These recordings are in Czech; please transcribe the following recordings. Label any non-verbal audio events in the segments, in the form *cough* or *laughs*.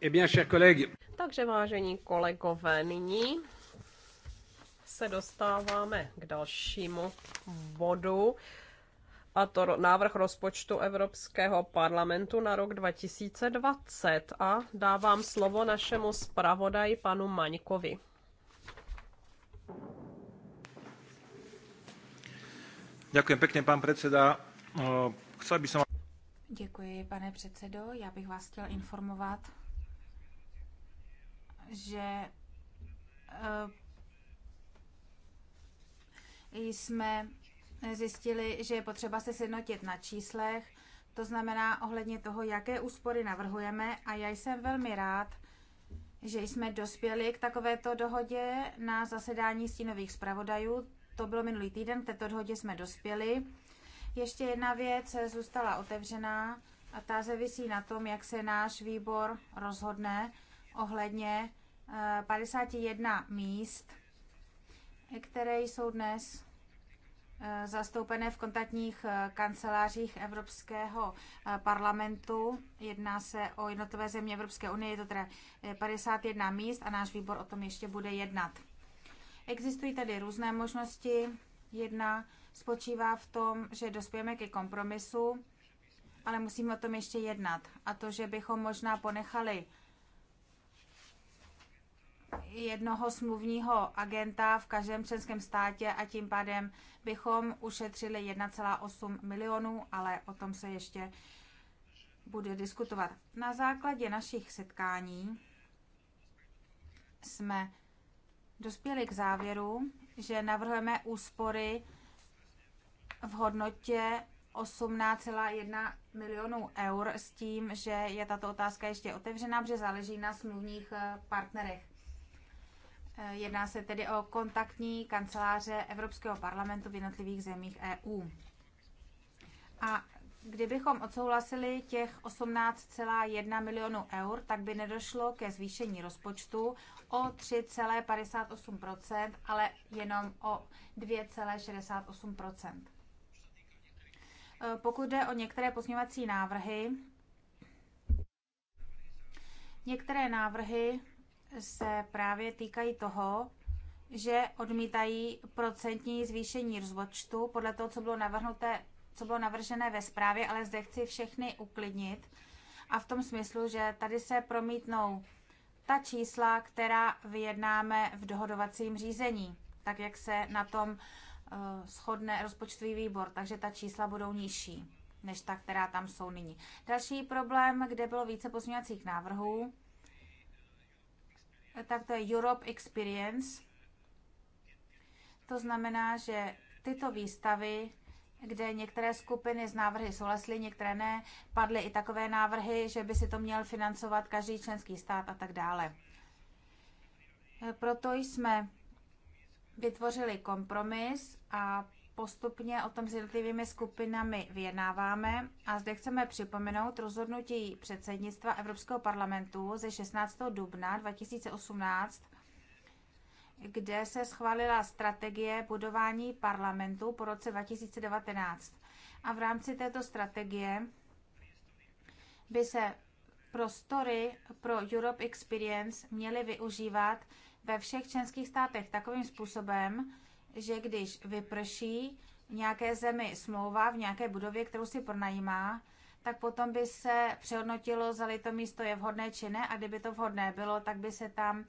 Eh bien, chers collègues. Takže vážení kolegové, nyní se dostáváme k dalšímu bodu a to návrh rozpočtu Evropského parlamentu na rok 2020 a dávám slovo našemu zpravodaji panu Maňkovi. Děkuji pěkně, pan předseda. Eh, chcel bych som... Děkuji, pane předsedo. Já bych vás chtěl informovat že eh, jsme zjistili, že je potřeba se sjednotit na číslech, to znamená ohledně toho, jaké úspory navrhujeme a já jsem velmi rád, že jsme dospěli k takovéto dohodě na zasedání stínových zpravodajů. To bylo minulý týden, k této dohodě jsme dospěli. Ještě jedna věc zůstala otevřená a ta závisí na tom, jak se náš výbor rozhodne ohledně 51 míst, které jsou dnes eh, zastoupené v kontaktních eh, kancelářích Evropského eh, parlamentu. Jedná se o jednotové země Evropské unie, je to teda 51 míst a náš výbor o tom ještě bude jednat. Existují tady různé možnosti. Jedna spočívá v tom, že dospějeme ke kompromisu, ale musíme o tom ještě jednat. A to, že bychom možná ponechali jednoho smluvního agenta v každém členském státě a tím pádem bychom ušetřili 1,8 milionů, ale o tom se ještě bude diskutovat. Na základě našich setkání jsme dospěli k závěru, že navrhujeme úspory v hodnotě 18,1 milionů eur s tím, že je tato otázka ještě otevřená, protože záleží na smluvních eh, partnerech. Eh, jedná se tedy o kontaktní kanceláře Evropského parlamentu v jednotlivých zemích EU. A kdybychom odsouhlasili těch 18,1 milionů eur, tak by nedošlo ke zvýšení rozpočtu o 3,58%, ale jenom o 2,68%. Eh, pokud jde o některé pozměňovací návrhy, některé návrhy se právě týkají toho, že odmítají procentní zvýšení rozpočtu podle toho, co bylo, navrhnuté, co bylo navržené ve zprávě, ale zde chci všechny uklidnit a v tom smyslu, že tady se promítnou ta čísla, která vyjednáme v dohodovacím řízení, tak jak se na tom eh, shodne rozpočtový výbor, takže ta čísla budou nižší než ta, která tam jsou nyní. Další problém, kde bylo více pozměňovacích návrhů, tak to je Europe Experience. To znamená, že tyto výstavy, kde některé skupiny z návrhy souhlasily, některé ne, padly i takové návrhy, že by si to měl financovat každý členský stát a tak dále. Proto jsme vytvořili kompromis a postupně o tom s jednotlivými skupinami vyjednáváme a zde chceme připomenout rozhodnutí předsednictva Evropského parlamentu ze 16. dubna 2018, kde se schválila strategie budování parlamentu po roce 2019. A v rámci této strategie by se prostory pro Europe Experience měly využívat ve všech členských státech takovým způsobem, že když vyprší nějaké zemi smlouva v nějaké budově, kterou si pronajímá, tak potom by se přehodnotilo, zda to místo je vhodné či ne a kdyby to vhodné bylo, tak by se tam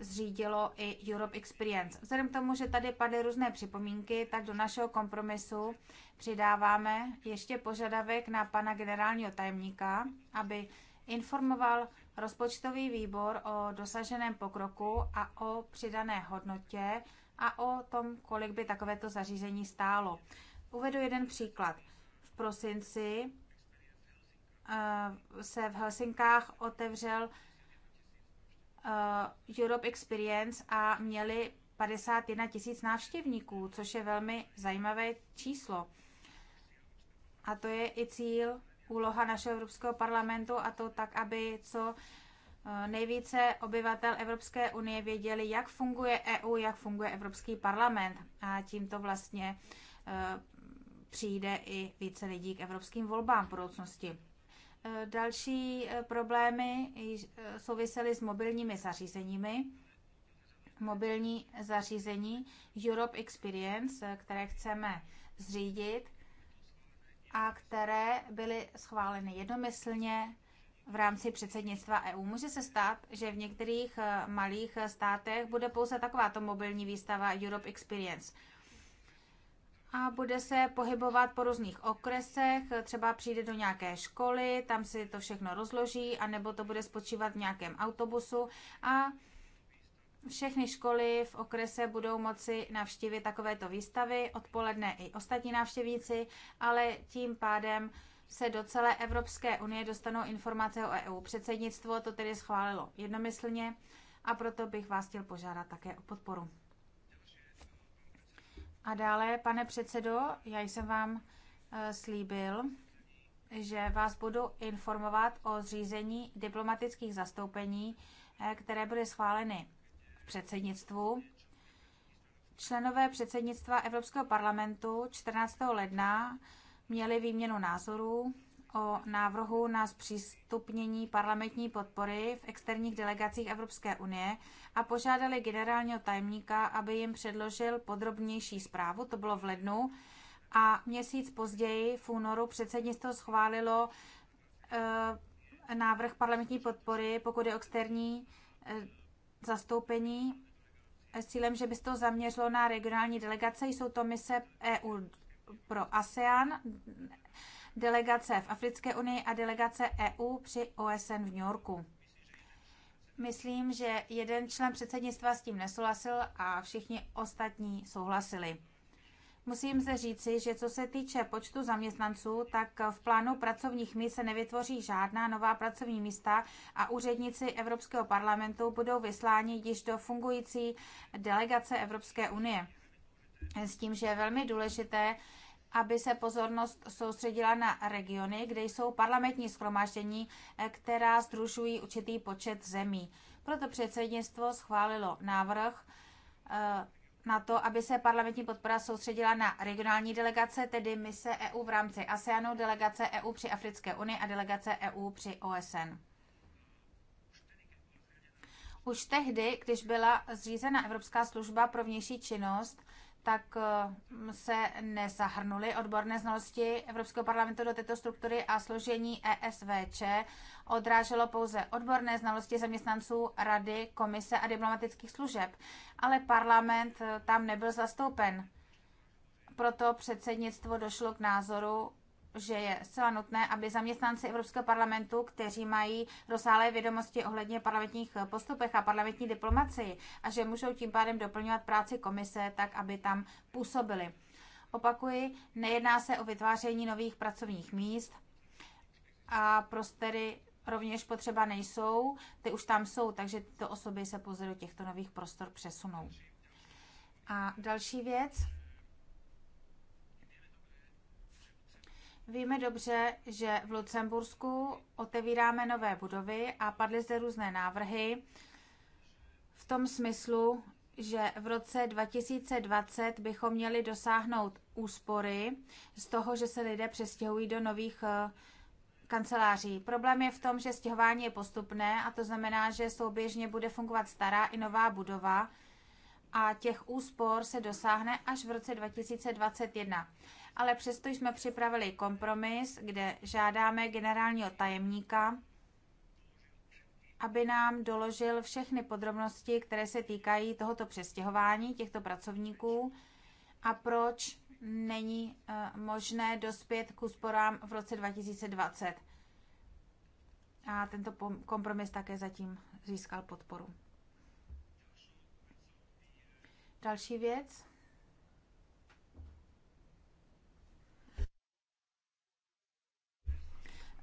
zřídilo i Europe Experience. Vzhledem k tomu, že tady padly různé připomínky, tak do našeho kompromisu přidáváme ještě požadavek na pana generálního tajemníka, aby informoval rozpočtový výbor o dosaženém pokroku a o přidané hodnotě a o tom, kolik by takovéto zařízení stálo. Uvedu jeden příklad. V prosinci eh, se v Helsinkách otevřel eh, Europe Experience a měli 51 tisíc návštěvníků, což je velmi zajímavé číslo. A to je i cíl, úloha našeho Evropského parlamentu a to tak, aby co Eh, nejvíce obyvatel Evropské unie věděli, jak funguje EU, jak funguje Evropský parlament. A tímto vlastně eh, přijde i více lidí k evropským volbám v budoucnosti. Eh, další problémy souvisely s mobilními zařízeními. Mobilní zařízení Europe Experience, které chceme zřídit a které byly schváleny jednomyslně v rámci předsednictva EU. Může se stát, že v některých eh, malých eh, státech bude pouze takováto mobilní výstava Europe Experience. A bude se pohybovat po různých okresech, eh, třeba přijde do nějaké školy, tam si to všechno rozloží, anebo to bude spočívat v nějakém autobusu a všechny školy v okrese budou moci navštívit takovéto výstavy, odpoledne i ostatní návštěvníci, ale tím pádem se do celé Evropské unie dostanou informace o EU. Předsednictvo to tedy schválilo jednomyslně a proto bych vás chtěl požádat také o podporu. A dále, pane předsedo, já jsem vám eh, slíbil, že vás budu informovat o zřízení diplomatických zastoupení, eh, které byly schváleny v předsednictvu. Členové předsednictva Evropského parlamentu 14. ledna měli výměnu názorů o návrhu na zpřístupnění parlamentní podpory v externích delegacích Evropské unie a požádali generálního tajemníka, aby jim předložil podrobnější zprávu, to bylo v lednu, a měsíc později v únoru předsednictvo schválilo e, návrh parlamentní podpory, pokud je externí e, zastoupení s cílem, že by se to zaměřilo na regionální delegace. Jsou to mise EU pro ASEAN, delegace v Africké unii a delegace EU při OSN v New Yorku. Myslím, že jeden člen předsednictva s tím nesouhlasil a všichni ostatní souhlasili. Musím se říci, že co se týče počtu zaměstnanců, tak v plánu pracovních míst se nevytvoří žádná nová pracovní místa a úředníci Evropského parlamentu budou vysláni již do fungující delegace Evropské unie s tím, že je velmi důležité, aby se pozornost soustředila na regiony, kde jsou parlamentní schromáždění, eh, která združují určitý počet zemí. Proto předsednictvo schválilo návrh eh, na to, aby se parlamentní podpora soustředila na regionální delegace, tedy mise EU v rámci ASEANu, delegace EU při Africké unii a delegace EU při OSN. Už tehdy, když byla zřízena Evropská služba pro vnější činnost, tak eh, se nezahrnuly odborné znalosti Evropského parlamentu do této struktury a složení ESVČ odráželo pouze odborné znalosti zaměstnanců Rady, Komise a diplomatických služeb, ale parlament eh, tam nebyl zastoupen. Proto předsednictvo došlo k názoru, že je zcela nutné, aby zaměstnanci Evropského parlamentu, kteří mají rozsáhlé vědomosti ohledně parlamentních postupech a parlamentní diplomacii a že můžou tím pádem doplňovat práci komise tak, aby tam působili. Opakuji, nejedná se o vytváření nových pracovních míst a prostory rovněž potřeba nejsou, ty už tam jsou, takže tyto osoby se pouze do těchto nových prostor přesunou. A další věc, Víme dobře, že v Lucembursku otevíráme nové budovy a padly zde různé návrhy v tom smyslu, že v roce 2020 bychom měli dosáhnout úspory z toho, že se lidé přestěhují do nových eh, kanceláří. Problém je v tom, že stěhování je postupné a to znamená, že souběžně bude fungovat stará i nová budova a těch úspor se dosáhne až v roce 2021 ale přesto jsme připravili kompromis, kde žádáme generálního tajemníka, aby nám doložil všechny podrobnosti, které se týkají tohoto přestěhování těchto pracovníků a proč není eh, možné dospět k úsporám v roce 2020. A tento kompromis také zatím získal podporu. Další věc.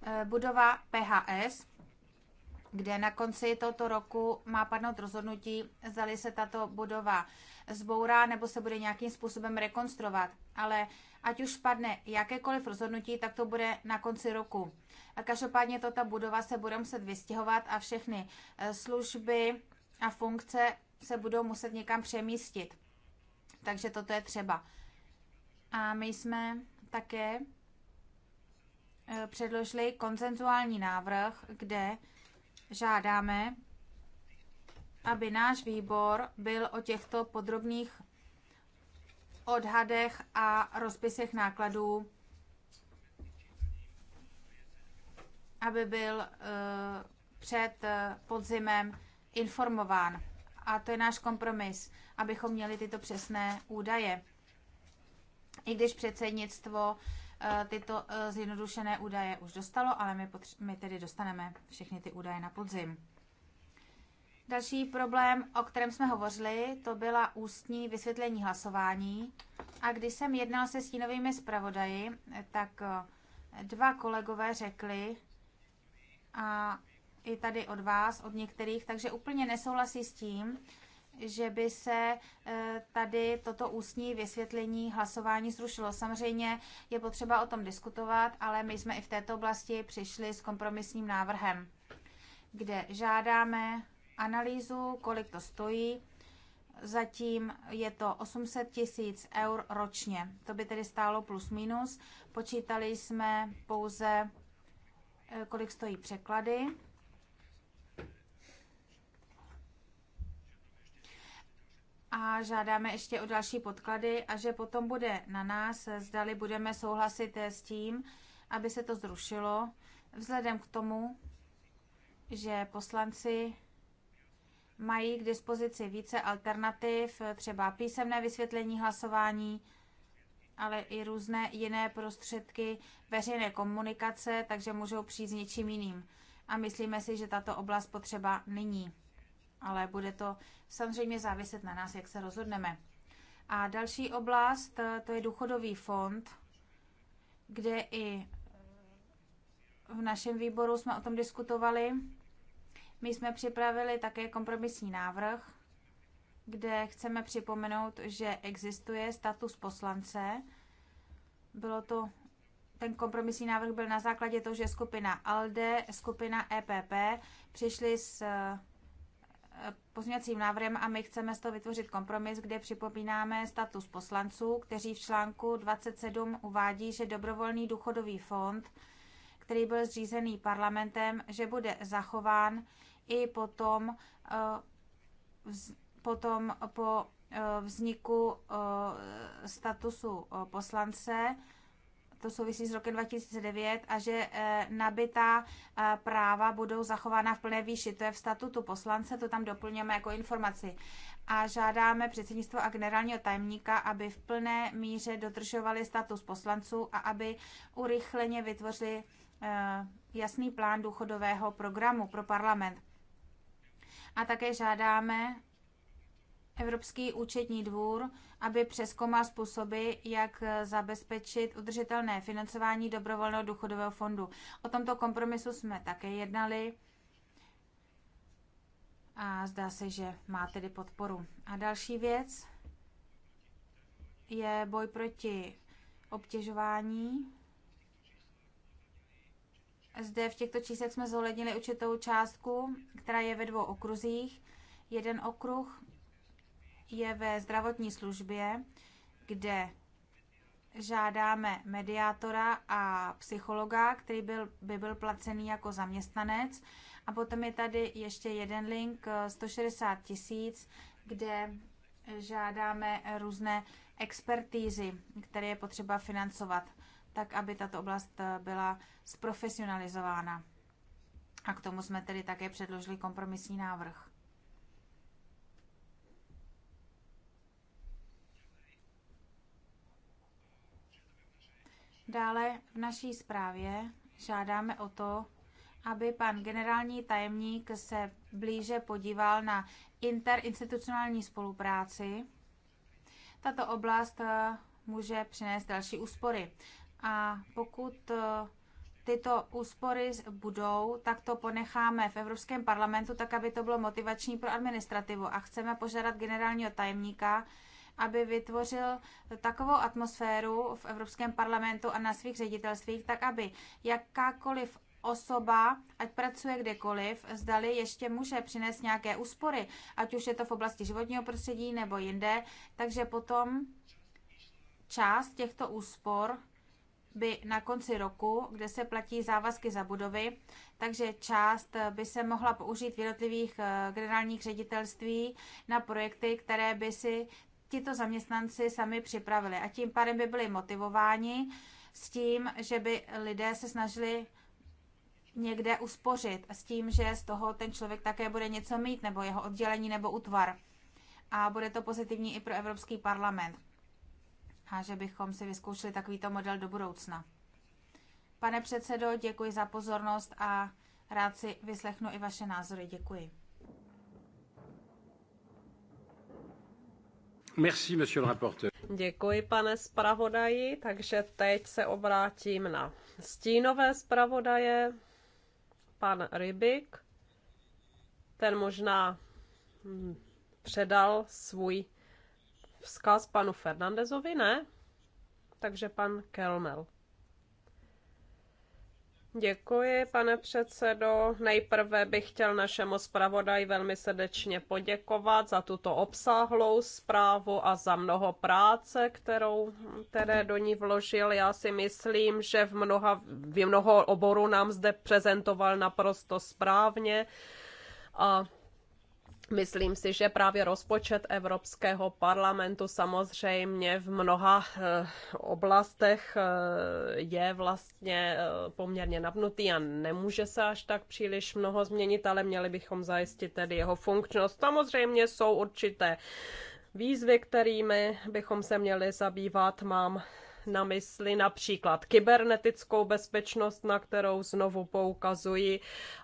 Eh, budova PHS, kde na konci tohoto roku má padnout rozhodnutí, zdali se tato budova zbourá nebo se bude nějakým způsobem rekonstruovat. Ale ať už padne jakékoliv rozhodnutí, tak to bude na konci roku. A každopádně to ta budova se bude muset vystěhovat a všechny eh, služby a funkce se budou muset někam přemístit. Takže toto je třeba. A my jsme také Eh, předložili konsenzuální návrh, kde žádáme, aby náš výbor byl o těchto podrobných odhadech a rozpisech nákladů, aby byl eh, před eh, podzimem informován. A to je náš kompromis, abychom měli tyto přesné údaje. I když předsednictvo Eh, tyto eh, zjednodušené údaje už dostalo, ale my, my tedy dostaneme všechny ty údaje na podzim. Další problém, o kterém jsme hovořili, to byla ústní vysvětlení hlasování. A když jsem jednal se stínovými zpravodaji, tak eh, dva kolegové řekli, a i tady od vás, od některých, takže úplně nesouhlasí s tím, že by se eh, tady toto ústní vysvětlení hlasování zrušilo. Samozřejmě je potřeba o tom diskutovat, ale my jsme i v této oblasti přišli s kompromisním návrhem, kde žádáme analýzu, kolik to stojí. Zatím je to 800 tisíc eur ročně. To by tedy stálo plus minus. Počítali jsme pouze, eh, kolik stojí překlady a žádáme ještě o další podklady a že potom bude na nás, zdali budeme souhlasit eh, s tím, aby se to zrušilo, vzhledem k tomu, že poslanci mají k dispozici více alternativ, třeba písemné vysvětlení hlasování, ale i různé jiné prostředky veřejné komunikace, takže můžou přijít s něčím jiným. A myslíme si, že tato oblast potřeba není ale bude to samozřejmě záviset na nás, jak se rozhodneme. A další oblast, eh, to je důchodový fond, kde i eh, v našem výboru jsme o tom diskutovali. My jsme připravili také kompromisní návrh, kde chceme připomenout, že existuje status poslance. Bylo to, ten kompromisní návrh byl na základě toho, že skupina ALDE, skupina EPP přišli s eh, pozměňovacím návrhem a my chceme z toho vytvořit kompromis, kde připomínáme status poslanců, kteří v článku 27 uvádí, že dobrovolný důchodový fond, který byl zřízený parlamentem, že bude zachován i potom, eh, potom po eh, vzniku eh, statusu poslance to souvisí s rokem 2009 a že eh, nabitá eh, práva budou zachována v plné výši. To je v statutu poslance, to tam doplňujeme jako informaci. A žádáme předsednictvo a generálního tajemníka, aby v plné míře dodržovali status poslanců a aby urychleně vytvořili eh, jasný plán důchodového programu pro parlament. A také žádáme Evropský účetní dvůr, aby přeskoumal způsoby, jak zabezpečit udržitelné financování dobrovolného důchodového fondu. O tomto kompromisu jsme také jednali a zdá se, že má tedy podporu. A další věc je boj proti obtěžování. Zde v těchto číslech jsme zohlednili určitou částku, která je ve dvou okruzích. Jeden okruh je ve zdravotní službě, kde žádáme mediátora a psychologa, který byl, by byl placený jako zaměstnanec. A potom je tady ještě jeden link 160 eh, tisíc, kde žádáme různé expertízy, které je potřeba financovat, tak aby tato oblast eh, byla zprofesionalizována. A k tomu jsme tedy také předložili kompromisní návrh. Dále v naší zprávě žádáme o to, aby pan generální tajemník se blíže podíval na interinstitucionální spolupráci. Tato oblast eh, může přinést další úspory. A pokud eh, tyto úspory budou, tak to ponecháme v Evropském parlamentu, tak aby to bylo motivační pro administrativu. A chceme požádat generálního tajemníka, aby vytvořil takovou atmosféru v Evropském parlamentu a na svých ředitelstvích, tak aby jakákoliv osoba, ať pracuje kdekoliv, zdali ještě může přinést nějaké úspory, ať už je to v oblasti životního prostředí nebo jinde, takže potom část těchto úspor by na konci roku, kde se platí závazky za budovy, takže část by se mohla použít v jednotlivých eh, generálních ředitelství na projekty, které by si tito zaměstnanci sami připravili. A tím pádem by byli motivováni s tím, že by lidé se snažili někde uspořit, s tím, že z toho ten člověk také bude něco mít, nebo jeho oddělení, nebo útvar. A bude to pozitivní i pro Evropský parlament. A že bychom si vyzkoušeli takovýto model do budoucna. Pane předsedo, děkuji za pozornost a rád si vyslechnu i vaše názory. Děkuji. Merci, monsieur le rapporteur. Děkuji, pane zpravodaji. Takže teď se obrátím na stínové zpravodaje, pan Rybik. Ten možná hm, předal svůj vzkaz panu Fernandezovi, ne? Takže pan Kelmel. Děkuji, pane předsedo. Nejprve bych chtěl našemu zpravodaji velmi srdečně poděkovat za tuto obsáhlou zprávu a za mnoho práce, kterou, které do ní vložil. Já si myslím, že v, mnoha, v mnoho oborů nám zde prezentoval naprosto správně. A Myslím si, že právě rozpočet Evropského parlamentu samozřejmě v mnoha eh, oblastech eh, je vlastně eh, poměrně napnutý a nemůže se až tak příliš mnoho změnit, ale měli bychom zajistit tedy jeho funkčnost. Samozřejmě jsou určité výzvy, kterými bychom se měli zabývat. Mám na mysli například kybernetickou bezpečnost, na kterou znovu poukazuji,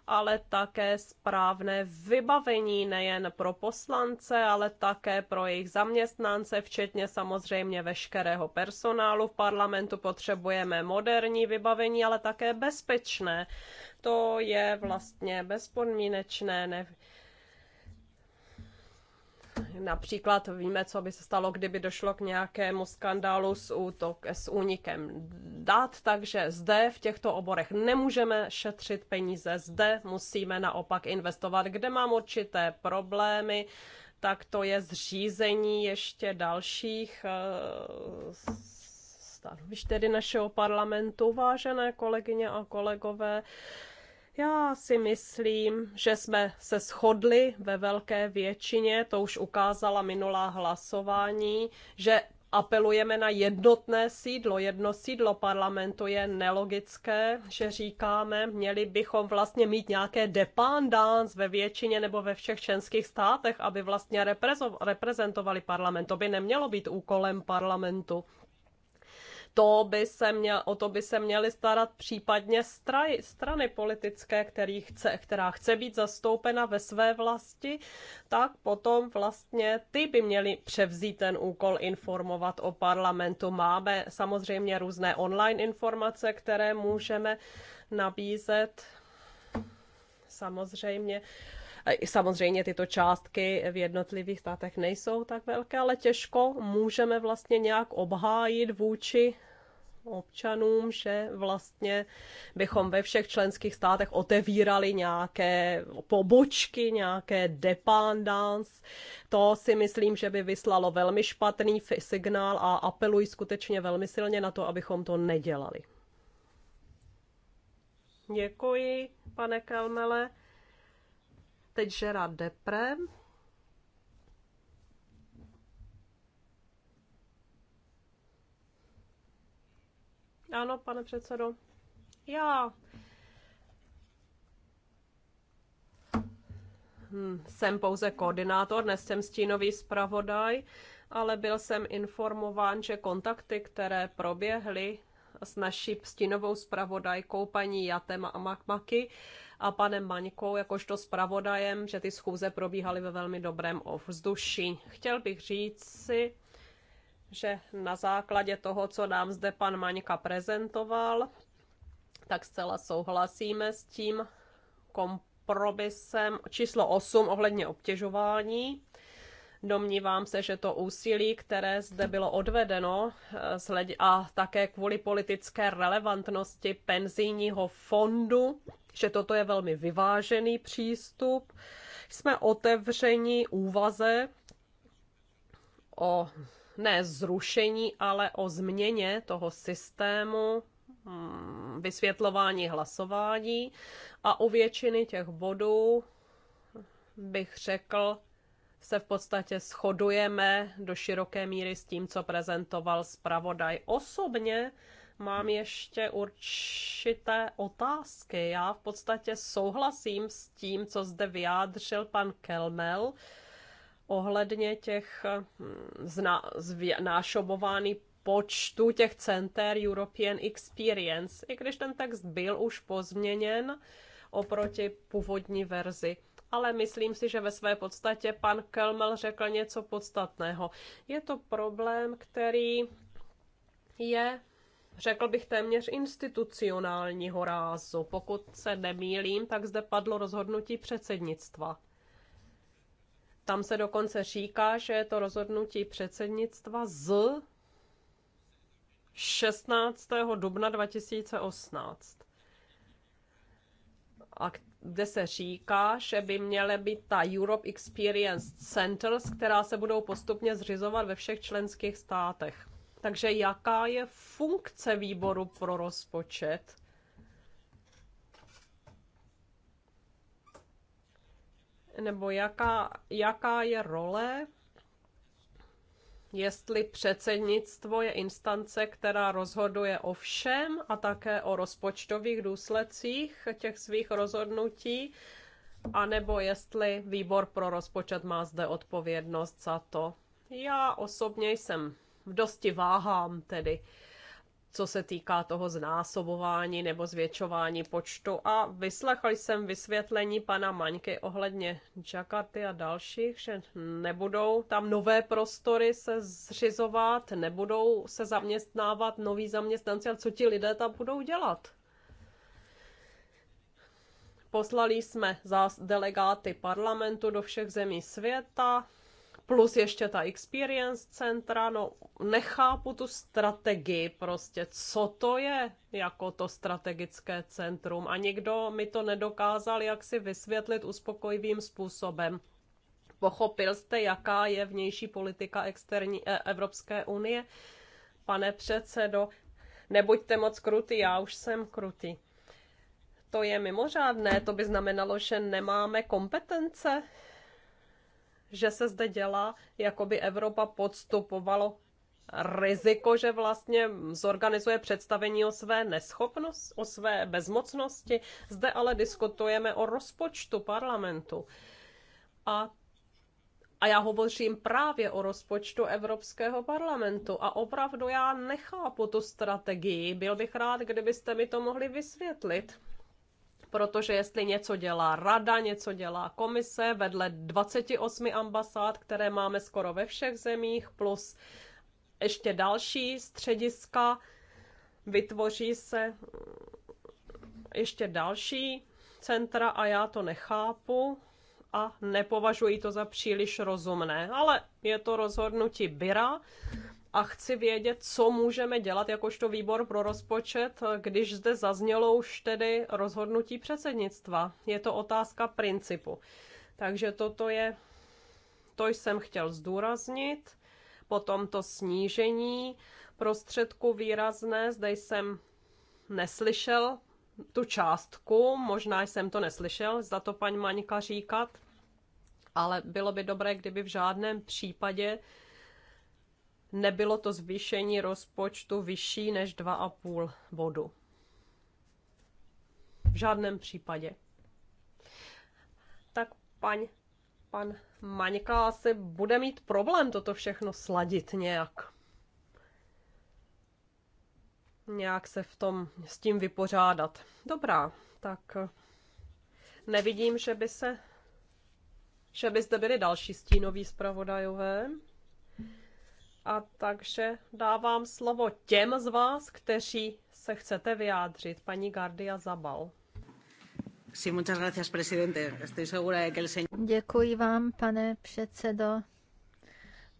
ale také správné vybavení nejen pro poslance, ale také pro jejich zaměstnance, včetně samozřejmě veškerého personálu v parlamentu. Potřebujeme moderní vybavení, ale také bezpečné. To je vlastně bezpodmínečné. Například víme, co by se stalo, kdyby došlo k nějakému skandálu s, útok, s únikem dat, takže zde v těchto oborech nemůžeme šetřit peníze, zde musíme naopak investovat. Kde mám určité problémy, tak to je zřízení ještě dalších eh, stanovišť tedy našeho parlamentu, vážené kolegyně a kolegové. Já si myslím, že jsme se shodli ve velké většině, to už ukázala minulá hlasování, že apelujeme na jednotné sídlo. Jedno sídlo parlamentu je nelogické, že říkáme, měli bychom vlastně mít nějaké dependance ve většině nebo ve všech členských státech, aby vlastně reprezentovali parlament. To by nemělo být úkolem parlamentu. To by se měl, o to by se měly starat případně straj, strany politické, který chce, která chce být zastoupena ve své vlasti, tak potom vlastně ty by měly převzít ten úkol informovat o parlamentu. Máme samozřejmě různé online informace, které můžeme nabízet samozřejmě Samozřejmě tyto částky v jednotlivých státech nejsou tak velké, ale těžko můžeme vlastně nějak obhájit vůči občanům, že vlastně bychom ve všech členských státech otevírali nějaké pobočky, nějaké dependance. To si myslím, že by vyslalo velmi špatný signál a apeluji skutečně velmi silně na to, abychom to nedělali. Děkuji, pane Kelmele. Teď žera deprem. Ano, pane předsedo. Já hm, jsem pouze koordinátor, dnes jsem stínový zpravodaj, ale byl jsem informován, že kontakty, které proběhly s naší stínovou zpravodajkou paní Jatema Amakmaky, a panem Maňkou jakožto zpravodajem, že ty schůze probíhaly ve velmi dobrém ovzduší. Chtěl bych říct si, že na základě toho, co nám zde pan Maňka prezentoval, tak zcela souhlasíme s tím kompromisem číslo 8 ohledně obtěžování. Domnívám se, že to úsilí, které zde bylo odvedeno eh, a také kvůli politické relevantnosti penzijního fondu, že toto je velmi vyvážený přístup. Jsme otevřeni úvaze o ne zrušení, ale o změně toho systému mm, vysvětlování hlasování a u většiny těch bodů bych řekl, se v podstatě shodujeme do široké míry s tím, co prezentoval zpravodaj. Osobně mám ještě určité otázky. Já v podstatě souhlasím s tím, co zde vyjádřil pan Kelmel ohledně těch hm, zna, zvě, počtu těch center European Experience, i když ten text byl už pozměněn oproti původní verzi ale myslím si, že ve své podstatě pan Kelmel řekl něco podstatného. Je to problém, který je řekl bych téměř institucionálního rázu. Pokud se nemýlím, tak zde padlo rozhodnutí předsednictva. Tam se dokonce říká, že je to rozhodnutí předsednictva z 16. dubna 2018. A kde se říká, že by měly být ta Europe Experience Centers, která se budou postupně zřizovat ve všech členských státech. Takže jaká je funkce výboru pro rozpočet? Nebo jaká, jaká je role jestli předsednictvo je instance, která rozhoduje o všem a také o rozpočtových důsledcích těch svých rozhodnutí, anebo jestli výbor pro rozpočet má zde odpovědnost za to. Já osobně jsem dosti váhám tedy co se týká toho znásobování nebo zvětšování počtu. A vyslechl jsem vysvětlení pana Maňky ohledně Jakarty a dalších, že nebudou tam nové prostory se zřizovat, nebudou se zaměstnávat noví zaměstnanci, ale co ti lidé tam budou dělat? Poslali jsme delegáty parlamentu do všech zemí světa, plus ještě ta experience centra, no nechápu tu strategii prostě, co to je jako to strategické centrum a nikdo mi to nedokázal jak si vysvětlit uspokojivým způsobem. Pochopil jste, jaká je vnější politika externí e, Evropské unie? Pane předsedo, nebuďte moc krutý, já už jsem krutý. To je mimořádné, to by znamenalo, že nemáme kompetence že se zde dělá, jako by Evropa podstupovalo riziko, že vlastně zorganizuje představení o své neschopnosti, o své bezmocnosti. Zde ale diskutujeme o rozpočtu parlamentu. A a já hovořím právě o rozpočtu Evropského parlamentu a opravdu já nechápu tu strategii. Byl bych rád, kdybyste mi to mohli vysvětlit protože jestli něco dělá rada, něco dělá komise, vedle 28 ambasád, které máme skoro ve všech zemích, plus ještě další střediska, vytvoří se ještě další centra a já to nechápu a nepovažuji to za příliš rozumné. Ale je to rozhodnutí Byra a chci vědět, co můžeme dělat jakožto výbor pro rozpočet, když zde zaznělo už tedy rozhodnutí předsednictva. Je to otázka principu. Takže toto je, to jsem chtěl zdůraznit. Potom to snížení prostředku výrazné, zde jsem neslyšel tu částku, možná jsem to neslyšel, Za to paní Maňka říkat, ale bylo by dobré, kdyby v žádném případě nebylo to zvýšení rozpočtu vyšší než 2,5 bodu. V žádném případě. Tak pan, pan Maňka asi bude mít problém toto všechno sladit nějak. Nějak se v tom s tím vypořádat. Dobrá, tak nevidím, že by se že by zde byly další stínoví zpravodajové. A takže dávám slovo těm z vás, kteří se chcete vyjádřit. Paní Gardia Zabal. Děkuji vám, pane předsedo.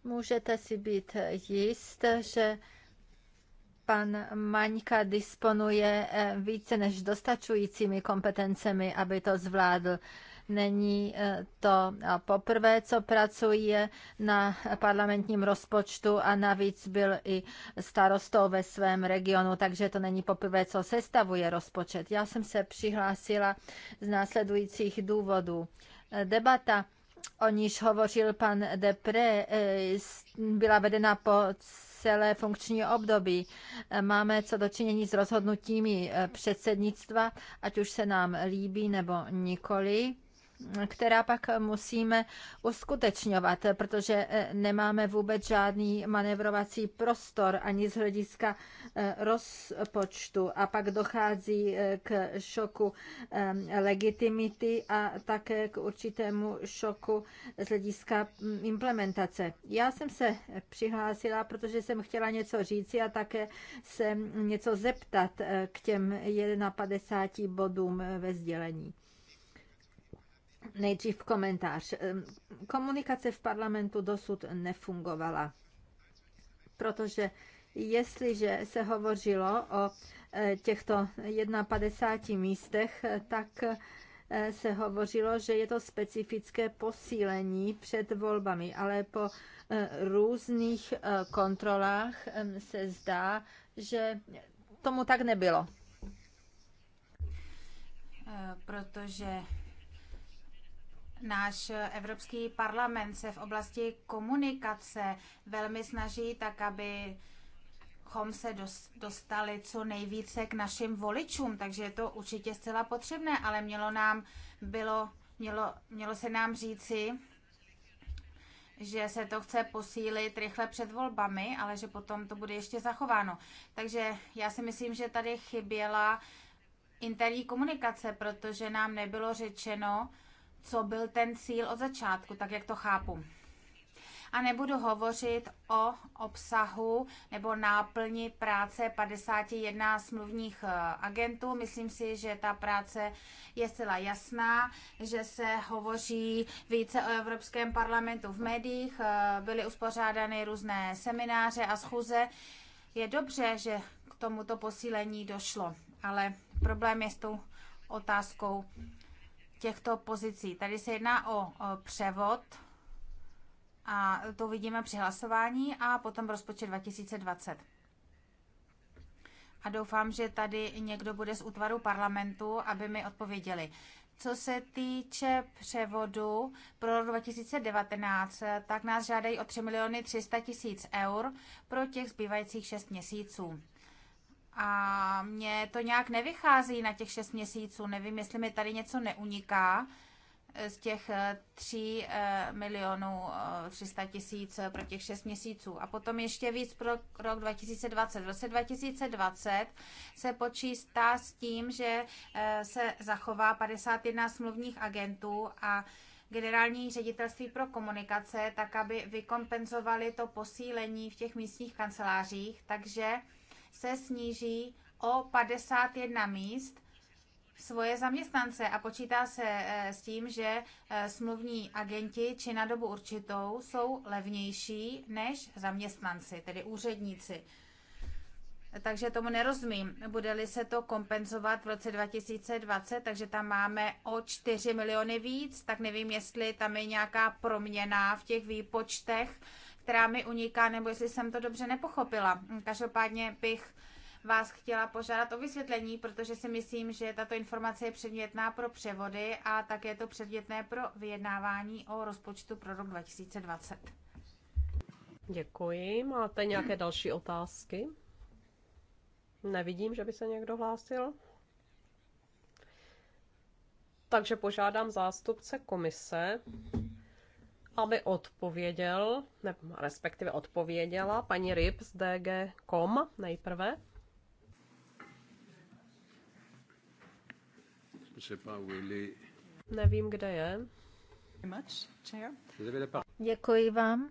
Můžete si být jist, že pan Maňka disponuje eh, více než dostačujícími kompetencemi, aby to zvládl. Není e, to e, poprvé, co pracuje na parlamentním rozpočtu a navíc byl i starostou ve svém regionu, takže to není poprvé, co sestavuje rozpočet. Já jsem se přihlásila z následujících důvodů. E, debata o níž hovořil pan Depre, byla vedena po celé funkční období. Máme co dočinění s rozhodnutími předsednictva, ať už se nám líbí nebo nikoli která pak musíme uskutečňovat, protože eh, nemáme vůbec žádný manevrovací prostor ani z hlediska eh, rozpočtu. A pak dochází eh, k šoku legitimity a také k určitému šoku z hlediska mm, implementace. Já jsem se přihlásila, protože jsem chtěla něco říci a také se něco zeptat k těm 51 bodům ve sdělení. Nejdřív komentář. Komunikace v parlamentu dosud nefungovala, protože jestliže se hovořilo o e, těchto 51 místech, tak e, se hovořilo, že je to specifické posílení před volbami, ale po e, různých kontrolách se zdá, že tomu tak nebylo. Protože Náš Evropský parlament se v oblasti komunikace velmi snaží tak, aby abychom se dostali co nejvíce k našim voličům, takže je to určitě zcela potřebné, ale mělo nám bylo, mělo, mělo se nám říci, že se to chce posílit rychle před volbami, ale že potom to bude ještě zachováno. Takže já si myslím, že tady chyběla interní komunikace, protože nám nebylo řečeno, co byl ten cíl od začátku, tak jak to chápu. A nebudu hovořit o obsahu nebo náplni práce 51 smluvních eh, agentů. Myslím si, že ta práce je zcela jasná, že se hovoří více o Evropském parlamentu v médiích, eh, byly uspořádány různé semináře a schůze. Je dobře, že k tomuto posílení došlo, ale problém je s tou otázkou těchto pozicí. Tady se jedná o převod a to vidíme při hlasování a potom rozpočet 2020. A doufám, že tady někdo bude z útvaru parlamentu, aby mi odpověděli. Co se týče převodu pro rok 2019, tak nás žádají o 3 miliony 300 tisíc eur pro těch zbývajících 6 měsíců. A mně to nějak nevychází na těch šest měsíců. Nevím, jestli mi tady něco neuniká z těch 3 eh, eh, milionů 300 eh, tisíc pro těch 6 měsíců. A potom ještě víc pro rok 2020. V roce 2020 se počítá s tím, že se zachová 51 smluvních agentů a generální ředitelství pro komunikace, tak aby vykompenzovali to posílení v těch místních kancelářích. Takže se sníží o 51 míst svoje zaměstnance a počítá se eh, s tím, že eh, smluvní agenti či na dobu určitou jsou levnější než zaměstnanci, tedy úředníci. Takže tomu nerozumím. Bude-li se to kompenzovat v roce 2020, takže tam máme o 4 miliony víc, tak nevím, jestli tam je nějaká proměna v těch výpočtech která mi uniká, nebo jestli jsem to dobře nepochopila. Každopádně bych vás chtěla požádat o vysvětlení, protože si myslím, že tato informace je předmětná pro převody a také je to předmětné pro vyjednávání o rozpočtu pro rok 2020. Děkuji. Máte nějaké další otázky? Nevidím, že by se někdo hlásil. Takže požádám zástupce komise, aby odpověděl, ne, respektive odpověděla paní Ryb z DG.com nejprve. Nevím, kde je. Děkuji vám.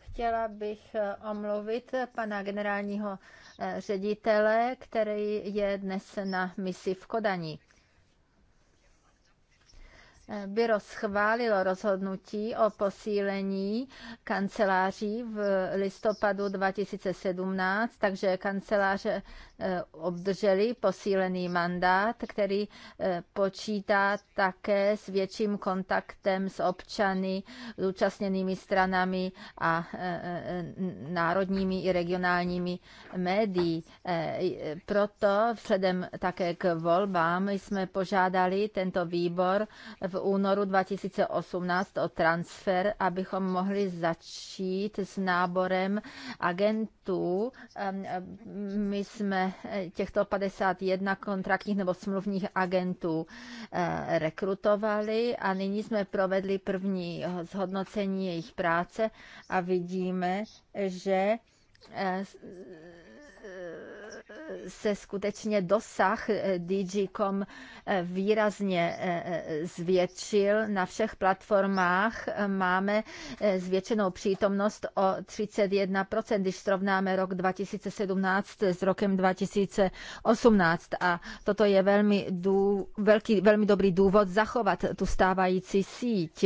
Chtěla bych eh, omluvit pana generálního eh, ředitele, který je dnes na misi v Kodani. Byro schválilo rozhodnutí o posílení kanceláří v listopadu 2017, takže kanceláře e, obdrželi posílený mandát, který e, počítá také s větším kontaktem s občany, zúčastněnými stranami a e, národními i regionálními médií. Proto vzhledem také k volbám jsme požádali tento výbor v v únoru 2018 o transfer, abychom mohli začít s náborem agentů. My jsme eh, těchto 51 kontraktních nebo smluvních agentů eh, rekrutovali a nyní jsme provedli první zhodnocení jejich práce a vidíme, že eh, se skutečně dosah eh, DG.com eh, výrazně eh, zvětšil. Na všech platformách máme zvětšenou přítomnost o 31%, když srovnáme rok 2017 s rokem 2018. A toto je velmi, dů, velký, velmi dobrý důvod zachovat tu stávající síť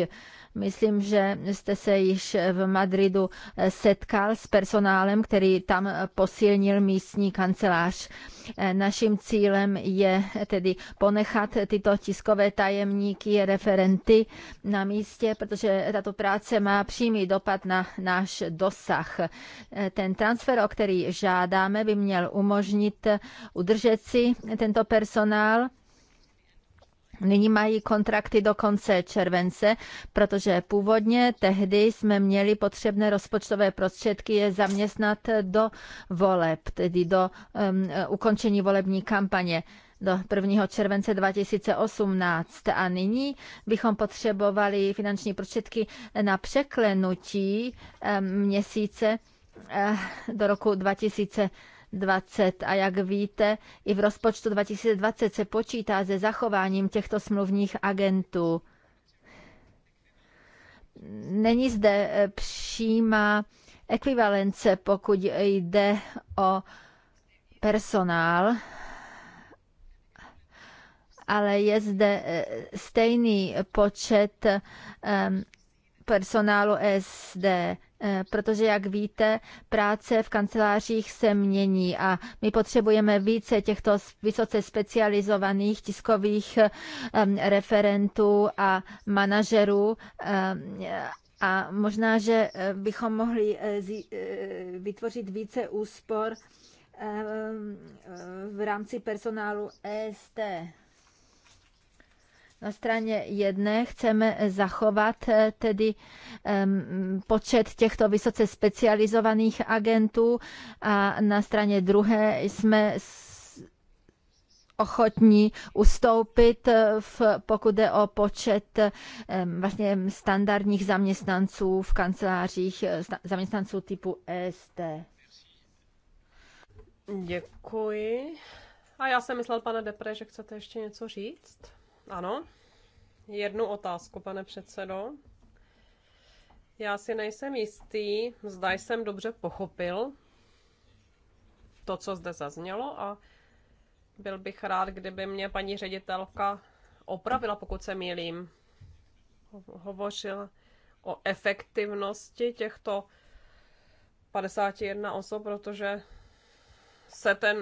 Myslím, že jste se již v Madridu eh, setkal s personálem, který tam posilnil místní kancelář. Eh, naším cílem je tedy ponechat tyto tiskové tajemníky, referenty na místě, protože tato práce má přímý dopad na náš dosah. Eh, ten transfer, o který žádáme, by měl umožnit udržet si tento personál Nyní mají kontrakty do konce července, protože původně tehdy jsme měli potřebné rozpočtové prostředky je zaměstnat do voleb, tedy do um, ukončení volební kampaně do 1. července 2018 a nyní bychom potřebovali finanční prostředky na překlenutí um, měsíce uh, do roku 2018. 2020. A jak víte, i v rozpočtu 2020 se počítá se zachováním těchto smluvních agentů. Není zde eh, přímá ekvivalence, pokud jde o personál, ale je zde eh, stejný počet eh, personálu SD, eh, protože, jak víte, práce v kancelářích se mění a my potřebujeme více těchto vysoce specializovaných tiskových referentů a manažerů a možná, že eh, bychom mohli eh, vytvořit více úspor v rámci personálu EST. Na straně jedné chceme zachovat eh, tedy počet těchto vysoce specializovaných agentů a na straně druhé jsme ochotní ustoupit, eh, v, pokud jde o počet vlastně standardních zaměstnanců v kancelářích, eh, zaměstnanců typu e ST. Děkuji. A já jsem myslel, pane Depre, že chcete ještě něco říct. Ano, jednu otázku, pane předsedo. Já si nejsem jistý, zda jsem dobře pochopil to, co zde zaznělo a byl bych rád, kdyby mě paní ředitelka opravila, pokud se mýlím. Hovořil o efektivnosti těchto 51 osob, protože se ten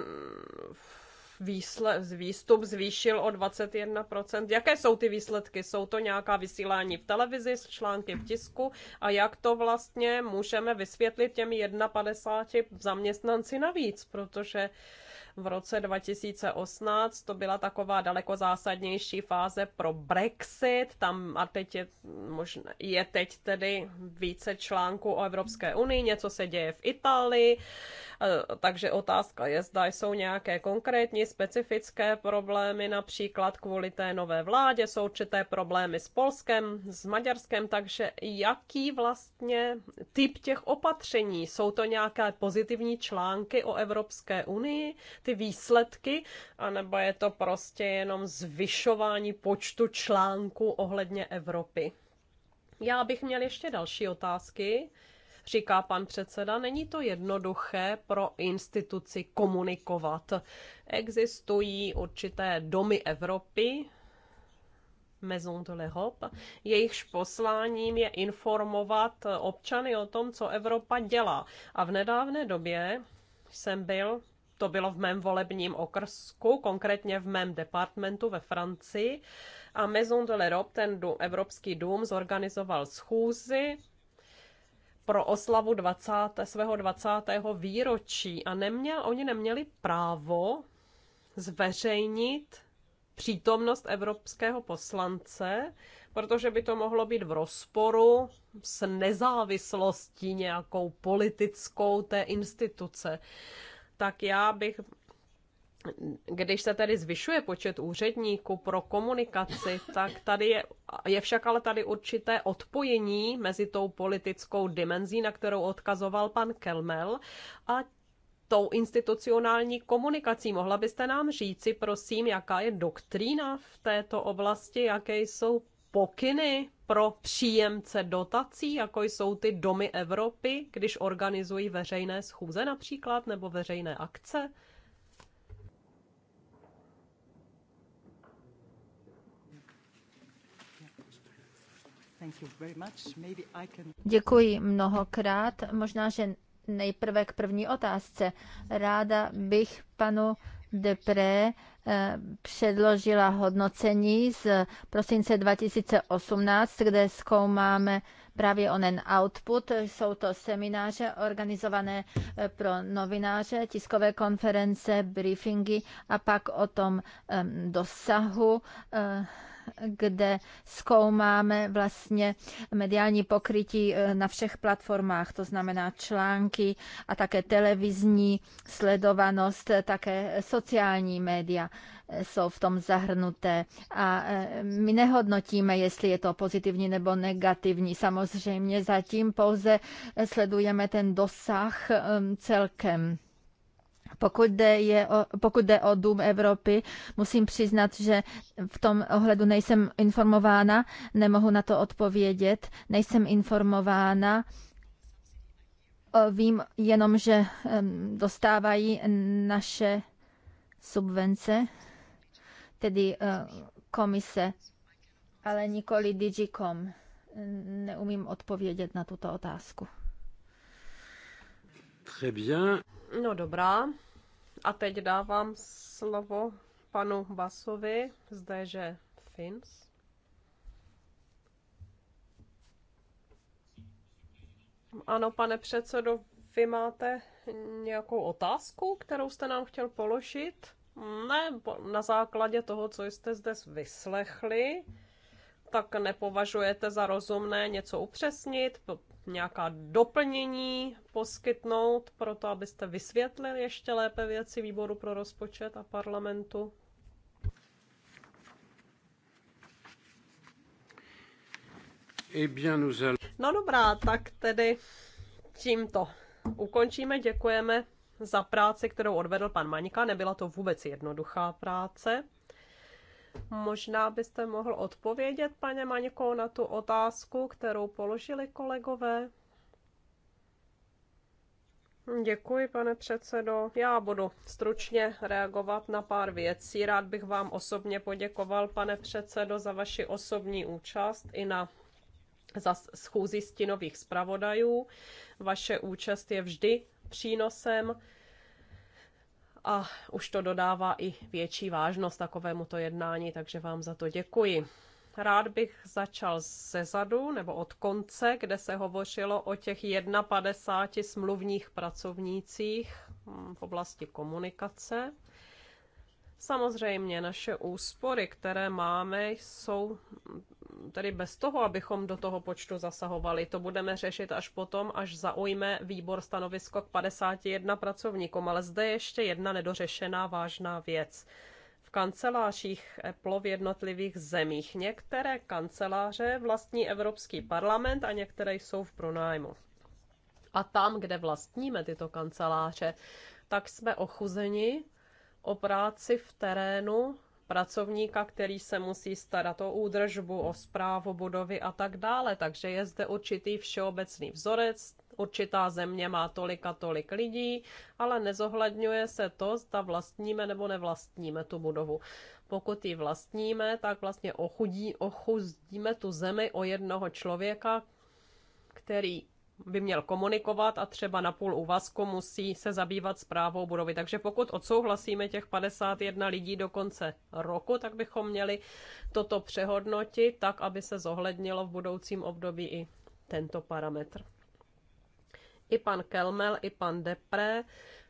výsle, výstup zvýšil o 21%. Jaké jsou ty výsledky? Jsou to nějaká vysílání v televizi, články v tisku a jak to vlastně můžeme vysvětlit těmi 51 zaměstnanci navíc, protože v roce 2018 to byla taková daleko zásadnější fáze pro Brexit, tam a teď je, možná, je teď tedy více článků o Evropské unii, něco se děje v Itálii, Eh, takže otázka je, zda jsou nějaké konkrétní specifické problémy, například kvůli té nové vládě, jsou určité problémy s Polskem, s Maďarskem, takže jaký vlastně typ těch opatření? Jsou to nějaké pozitivní články o Evropské unii, ty výsledky, anebo je to prostě jenom zvyšování počtu článků ohledně Evropy? Já bych měl ještě další otázky říká pan předseda, není to jednoduché pro instituci komunikovat. Existují určité domy Evropy, Maison de l'Europe. Jejichž posláním je informovat občany o tom, co Evropa dělá. A v nedávné době jsem byl, to bylo v mém volebním okrsku, konkrétně v mém departmentu ve Francii, a Maison de l'Europe, ten dům, Evropský dům, zorganizoval schůzi pro oslavu 20, svého 20. výročí a neměl, oni neměli právo zveřejnit přítomnost evropského poslance, protože by to mohlo být v rozporu s nezávislostí nějakou politickou té instituce. Tak já bych když se tedy zvyšuje počet úředníků pro komunikaci, tak tady je, je však ale tady určité odpojení mezi tou politickou dimenzí, na kterou odkazoval pan Kelmel, a tou institucionální komunikací. Mohla byste nám říci, prosím, jaká je doktrína v této oblasti, jaké jsou pokyny pro příjemce dotací, jako jsou ty domy Evropy, když organizují veřejné schůze například nebo veřejné akce? Děkuji mnohokrát. Možná, že nejprve k první otázce. Ráda bych panu Depré eh, předložila hodnocení z prosince 2018, kde zkoumáme právě onen output. Jsou to semináře organizované eh, pro novináře, tiskové konference, briefingy a pak o tom ehm, dosahu eh, kde zkoumáme vlastně mediální pokrytí eh, na všech platformách, to znamená články a také televizní sledovanost, eh, také sociální média eh, jsou v tom zahrnuté. A my nehodnotíme, jestli je to pozitivní nebo negativní. Samozřejmě zatím pouze sledujeme ten dosah celkem. Pokud jde, je o, pokud jde o Dům Evropy, musím přiznat, že v tom ohledu nejsem informována, nemohu na to odpovědět, nejsem informována. Vím jenom, že dostávají naše subvence, tedy e, komise, ale nikoli Digicom. Neumím odpovědět na tuto otázku. Très bien. No dobrá. A teď dávám slovo panu Basovi z DŽ Fins. Ano, pane předsedo, vy máte nějakou otázku, kterou jste nám chtěl položit? Ne, na základě toho, co jste zde vyslechli, tak nepovažujete za rozumné něco upřesnit, nějaká doplnění poskytnout pro to, abyste vysvětlili ještě lépe věci výboru pro rozpočet a parlamentu? Eh no dobrá, tak tedy tímto ukončíme. Děkujeme za práci, kterou odvedl pan Maňka. Nebyla to vůbec jednoduchá práce. Možná byste mohl odpovědět, pane Maňko, na tu otázku, kterou položili kolegové. Děkuji, pane předsedo. Já budu stručně reagovat na pár věcí. Rád bych vám osobně poděkoval, pane předsedo, za vaši osobní účast i na za schůzi stinových zpravodajů. Vaše účast je vždy přínosem a už to dodává i větší vážnost takovému to jednání, takže vám za to děkuji. Rád bych začal ze zadu nebo od konce, kde se hovořilo o těch 51 smluvních pracovnících hm, v oblasti komunikace. Samozřejmě naše úspory, které máme, jsou tedy bez toho, abychom do toho počtu zasahovali. To budeme řešit až potom, až zaujme výbor stanovisko k 51 pracovníkům. Ale zde je ještě jedna nedořešená vážná věc. V kancelářích Apple v jednotlivých zemích. Některé kanceláře vlastní Evropský parlament a některé jsou v pronájmu. A tam, kde vlastníme tyto kanceláře, tak jsme ochuzeni o práci v terénu pracovníka, který se musí starat o údržbu, o zprávu budovy a tak dále. Takže je zde určitý všeobecný vzorec, určitá země má tolik a tolik lidí, ale nezohledňuje se to, zda vlastníme nebo nevlastníme tu budovu. Pokud ji vlastníme, tak vlastně ochudí, ochuzdíme tu zemi o jednoho člověka, který by měl komunikovat a třeba na půl úvazku musí se zabývat zprávou budovy. Takže pokud odsouhlasíme těch 51 lidí do konce roku, tak bychom měli toto přehodnotit tak, aby se zohlednilo v budoucím období i tento parametr. I pan Kelmel, i pan Depre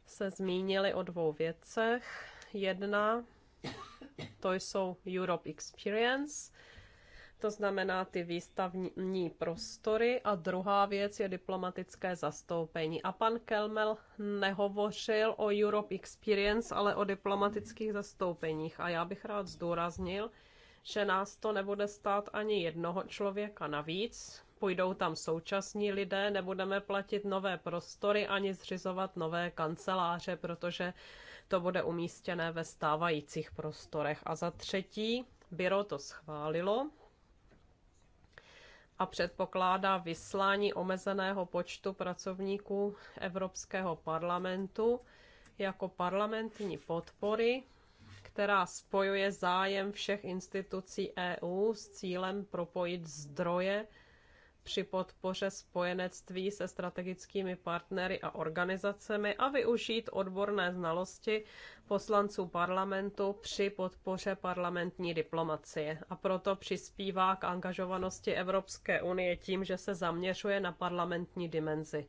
se zmínili o dvou věcech. Jedna, to jsou Europe Experience, to znamená ty výstavní prostory a druhá věc je diplomatické zastoupení. A pan Kelmel nehovořil o Europe Experience, ale o diplomatických zastoupeních. A já bych rád zdůraznil, že nás to nebude stát ani jednoho člověka navíc. Půjdou tam současní lidé, nebudeme platit nové prostory ani zřizovat nové kanceláře, protože to bude umístěné ve stávajících prostorech. A za třetí, Byro to schválilo, a předpokládá vyslání omezeného počtu pracovníků Evropského parlamentu jako parlamentní podpory, která spojuje zájem všech institucí EU s cílem propojit zdroje při podpoře spojenectví se strategickými partnery a organizacemi a využít odborné znalosti poslanců parlamentu při podpoře parlamentní diplomacie. A proto přispívá k angažovanosti Evropské unie tím, že se zaměřuje na parlamentní dimenzi.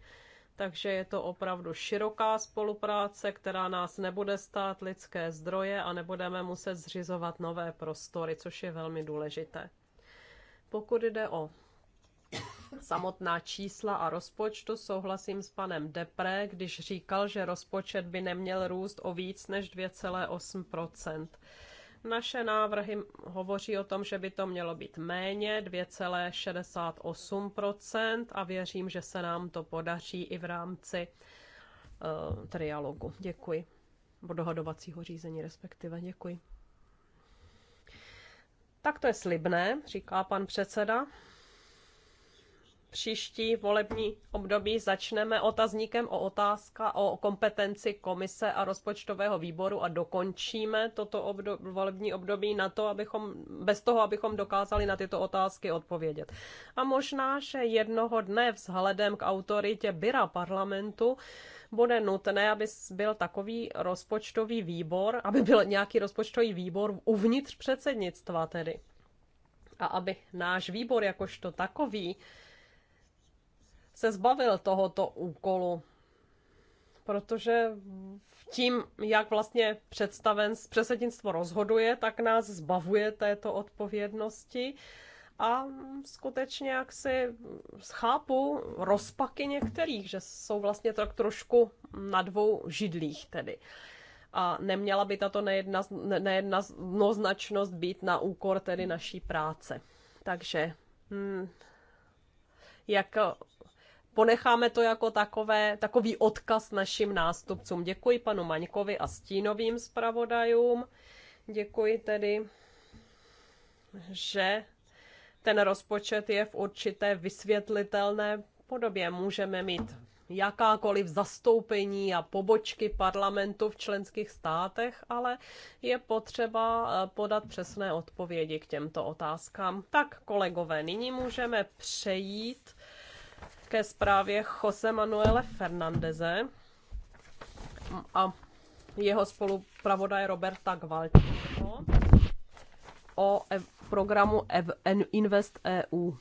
Takže je to opravdu široká spolupráce, která nás nebude stát lidské zdroje a nebudeme muset zřizovat nové prostory, což je velmi důležité. Pokud jde o samotná čísla a rozpočtu. Souhlasím s panem Depré, když říkal, že rozpočet by neměl růst o víc než 2,8 naše návrhy hovoří o tom, že by to mělo být méně 2,68% a věřím, že se nám to podaří i v rámci uh, trialogu. Děkuji. Bo dohodovacího řízení respektive. Děkuji. Tak to je slibné, říká pan předseda příští volební období začneme otazníkem o otázka o kompetenci komise a rozpočtového výboru a dokončíme toto obdob, volební období na to, abychom, bez toho, abychom dokázali na tyto otázky odpovědět. A možná, že jednoho dne vzhledem k autoritě Byra parlamentu bude nutné, aby byl takový rozpočtový výbor, aby byl nějaký rozpočtový výbor uvnitř předsednictva tedy. A aby náš výbor jakožto takový se zbavil tohoto úkolu. Protože tím, jak vlastně představen přesednictvo rozhoduje, tak nás zbavuje této odpovědnosti. A skutečně jak si schápu rozpaky některých, že jsou vlastně tak trošku na dvou židlích tedy a neměla by tato nejedna, nejednoznačnost být na úkor tedy naší práce. Takže hmm, jak ponecháme to jako takové, takový odkaz našim nástupcům. Děkuji panu Maňkovi a stínovým zpravodajům. Děkuji tedy, že ten rozpočet je v určité vysvětlitelné podobě. Můžeme mít jakákoliv zastoupení a pobočky parlamentu v členských státech, ale je potřeba eh, podat přesné odpovědi k těmto otázkám. Tak, kolegové, nyní můžeme přejít ke zprávě Jose Manuele Fernandeze a jeho spolupravodaj Roberta Gvalčího o programu Invest EU.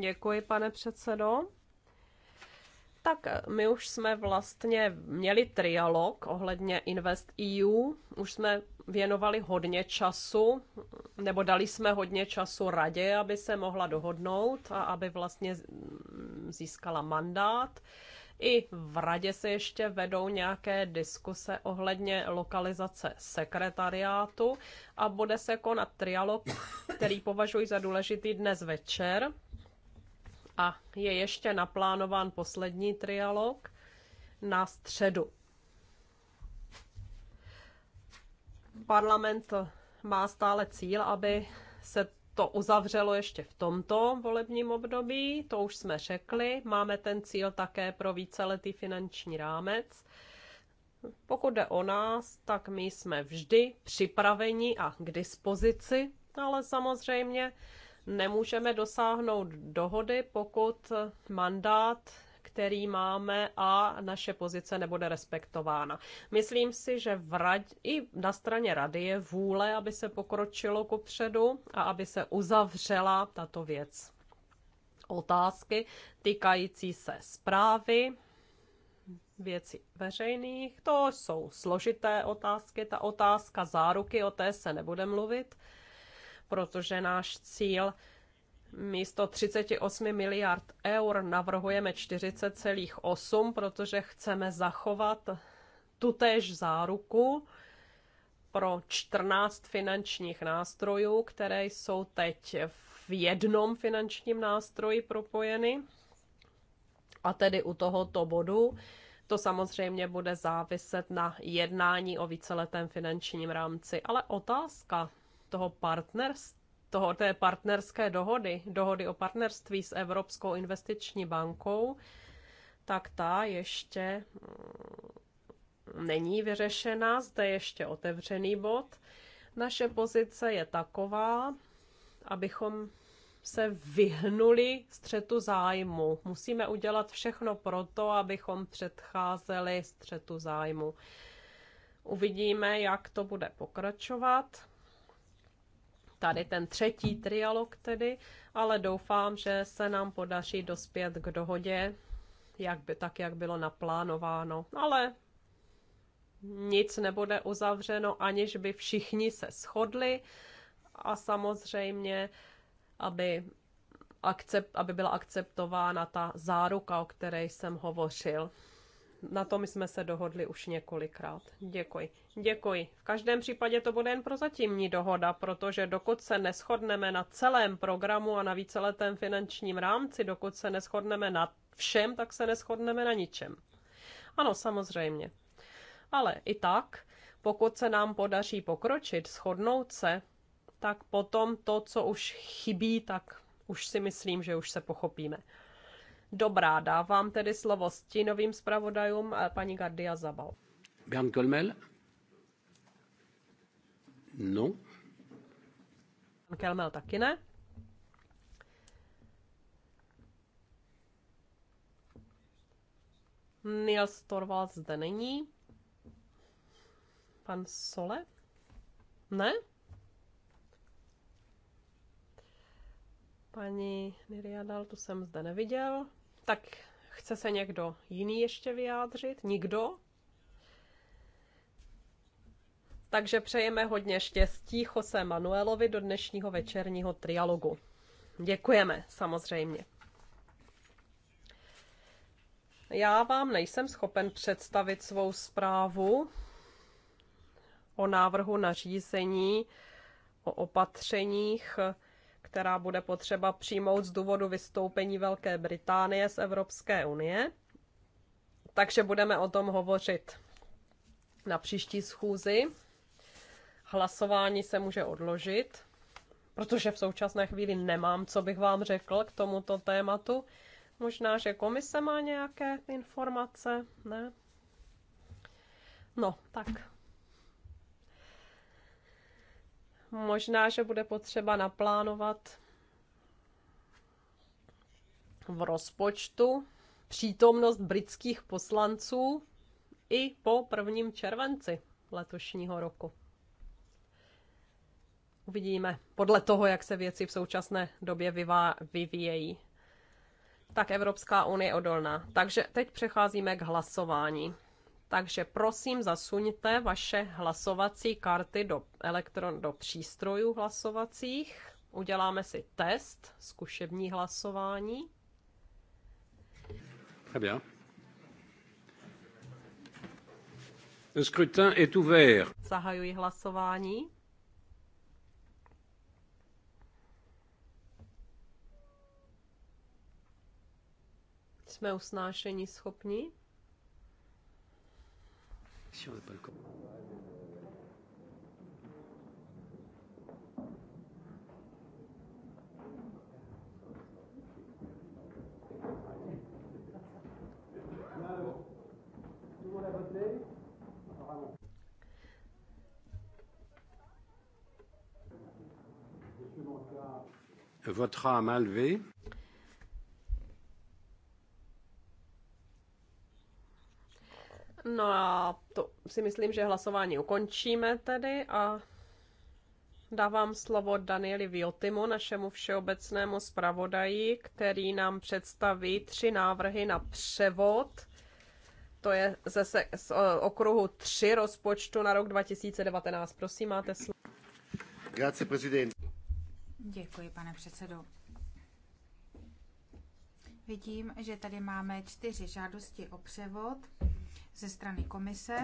Děkuji, pane předsedo. Tak my už jsme vlastně měli trialog ohledně Invest EU. Už jsme věnovali hodně času, nebo dali jsme hodně času radě, aby se mohla dohodnout a aby vlastně získala mandát. I v radě se ještě vedou nějaké diskuse ohledně lokalizace sekretariátu a bude se konat trialog, který považuji za důležitý dnes večer. A je ještě naplánován poslední trialog na středu Parlament má stále cíl, aby se to uzavřelo ještě v tomto volebním období, to už jsme řekli. Máme ten cíl také pro víceletý finanční rámec. Pokud jde o nás, tak my jsme vždy připraveni a k dispozici, ale samozřejmě nemůžeme dosáhnout dohody, pokud mandát který máme a naše pozice nebude respektována. Myslím si, že v rad, i na straně rady je vůle, aby se pokročilo kupředu a aby se uzavřela tato věc. Otázky týkající se zprávy, věcí veřejných, to jsou složité otázky. Ta otázka záruky, o té se nebude mluvit, protože náš cíl místo 38 miliard eur navrhujeme 40,8, protože chceme zachovat tutéž záruku pro 14 finančních nástrojů, které jsou teď v jednom finančním nástroji propojeny. A tedy u tohoto bodu to samozřejmě bude záviset na jednání o víceletém finančním rámci. Ale otázka toho partnerství, toho, té partnerské dohody, dohody o partnerství s Evropskou investiční bankou, tak ta ještě mm, není vyřešená, zde ještě otevřený bod. Naše pozice je taková, abychom se vyhnuli střetu zájmu. Musíme udělat všechno pro to, abychom předcházeli střetu zájmu. Uvidíme, jak to bude pokračovat tady ten třetí trialog tedy, ale doufám, že se nám podaří dospět k dohodě, jak by, tak jak bylo naplánováno. Ale nic nebude uzavřeno, aniž by všichni se shodli a samozřejmě, aby, akcept, aby byla akceptována ta záruka, o které jsem hovořil. Na tom jsme se dohodli už několikrát. Děkuji. Děkuji. V každém případě to bude jen prozatímní dohoda, protože dokud se neschodneme na celém programu a na víceletém finančním rámci, dokud se neschodneme na všem, tak se neschodneme na ničem. Ano, samozřejmě. Ale i tak, pokud se nám podaří pokročit, shodnout se, tak potom to, co už chybí, tak už si myslím, že už se pochopíme. Dobrá, dávám tedy slovo stínovým zpravodajům paní Gardia Zabal. Bernd Kolmel. No. Pan Kelmel taky ne. Niels Torvald zde není. Pan Sole? Ne? Paní Niriadal, tu jsem zde neviděl. Tak chce se někdo jiný ještě vyjádřit? Nikdo? Takže přejeme hodně štěstí Jose Manuelovi do dnešního večerního trialogu. Děkujeme, samozřejmě. Já vám nejsem schopen představit svou zprávu o návrhu nařízení, o opatřeních, která bude potřeba přijmout z důvodu vystoupení Velké Británie z Evropské unie. Takže budeme o tom hovořit na příští schůzi. Hlasování se může odložit, protože v současné chvíli nemám, co bych vám řekl k tomuto tématu. Možná, že komise má nějaké informace, ne? No, tak. Možná, že bude potřeba naplánovat v rozpočtu přítomnost britských poslanců i po prvním červenci letošního roku. Uvidíme podle toho, jak se věci v současné době vyvá, vyvíjejí. Tak Evropská unie odolná. Takže teď přecházíme k hlasování. Takže prosím, zasuňte vaše hlasovací karty do, elektron, do přístrojů hlasovacích. Uděláme si test, zkušební hlasování. bien. Le scrutin est ouvert. Zahajuji hlasování. jsme usnášení schopni? Votre âme a levé. No a to si myslím, že hlasování ukončíme tedy a dávám slovo Danieli Viotimu, našemu všeobecnému zpravodaji, který nám představí tři návrhy na převod. To je ze se, z eh, okruhu tři rozpočtu na rok 2019. Prosím, máte slovo. Děkuji, pane předsedo. Vidím, že tady máme čtyři žádosti o převod ze strany komise.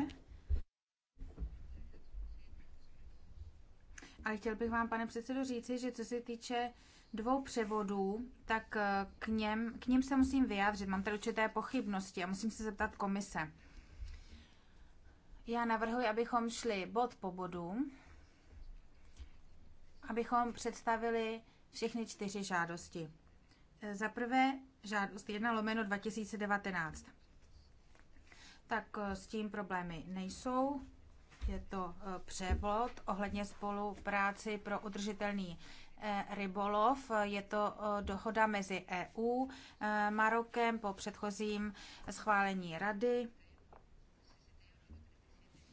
Ale chtěl bych vám, pane předsedo, říci, že co se týče dvou převodů, tak eh, k něm, k něm se musím vyjádřit. Mám tady určité pochybnosti a musím se zeptat komise. Já navrhuji, abychom šli bod po bodu, abychom představili všechny čtyři žádosti. Za prvé žádost 1 lomeno 2019. Tak eh, s tím problémy nejsou. Je to eh, převod ohledně spolupráci pro udržitelný eh, rybolov. Je to dohoda mezi EU, Marokem po předchozím schválení rady.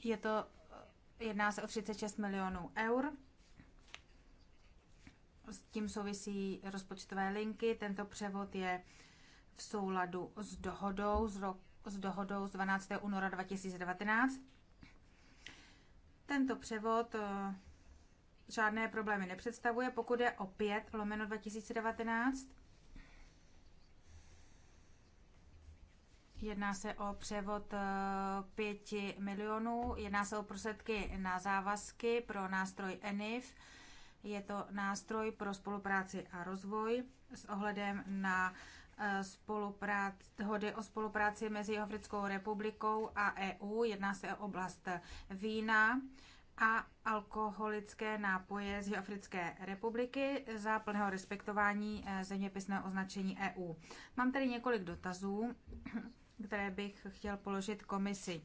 Je to, jedná se o 36 milionů eur s tím souvisí rozpočtové linky. Tento převod je v souladu s dohodou z, ro- s dohodou z 12. února 2019. Tento převod eh, žádné problémy nepředstavuje, pokud je o 5 lomeno 2019. Jedná se o převod 5 eh, milionů, jedná se o prostředky na závazky pro nástroj ENIF je to nástroj pro spolupráci a rozvoj s ohledem na e, spolupráci, dohody o spolupráci mezi Jihoafrickou republikou a EU. Jedná se o oblast vína a alkoholické nápoje z Jihoafrické republiky za plného respektování e, zeměpisného označení EU. Mám tady několik dotazů, které bych chtěl položit komisi.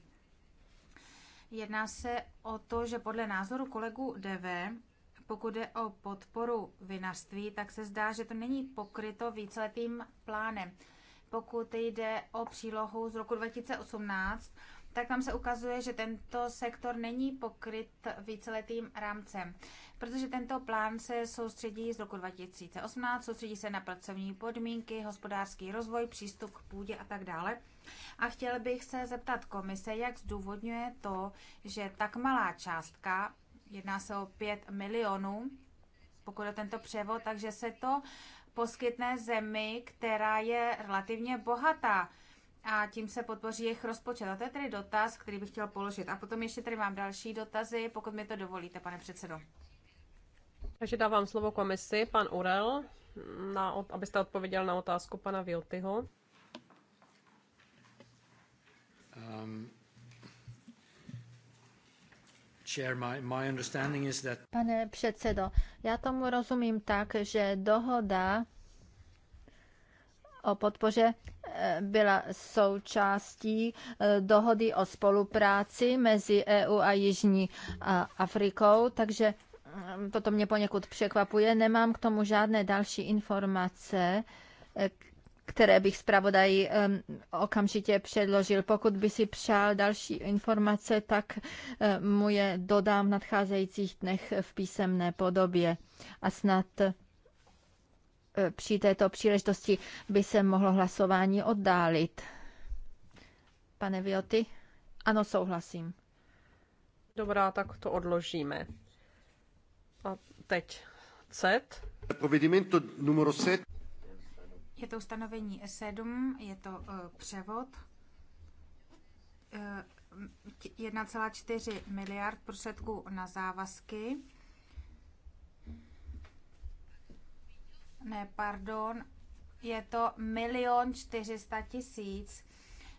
Jedná se o to, že podle názoru kolegu DV pokud je o podporu vinařství, tak se zdá, že to není pokryto víceletým plánem. Pokud jde o přílohu z roku 2018, tak tam se ukazuje, že tento sektor není pokryt víceletým rámcem, protože tento plán se soustředí z roku 2018, soustředí se na pracovní podmínky, hospodářský rozvoj, přístup k půdě a tak dále. A chtěl bych se zeptat komise, jak zdůvodňuje to, že tak malá částka jedná se o 5 milionů, pokud o tento převod, takže se to poskytne zemi, která je relativně bohatá a tím se podpoří jejich rozpočet. A to je tedy dotaz, který bych chtěl položit. A potom ještě tady mám další dotazy, pokud mi to dovolíte, pane předsedo. Takže dávám slovo komisi, pan Urel, na, abyste odpověděl na otázku pana Viltyho. Pane předsedo, já tomu rozumím tak, že dohoda o podpoře eh, byla součástí eh, dohody o spolupráci mezi EU a Jižní Afrikou, takže eh, toto mě poněkud překvapuje. Nemám k tomu žádné další informace které bych um, okamžitě předložil. Pokud by si přál další informace, tak mu je dodám v nadcházejících dnech v písemné podobě a snad při této příležitosti by se mohlo hlasování oddálit. Pane Vioty? Ano, souhlasím. Dobrá, tak to odložíme. A teď set. Provedimento numero set. Je to ustanovení 7, je to uh, převod Uh, e, 1,4 miliard prostředků na závazky. Ne, pardon, je to milion 400 tisíc.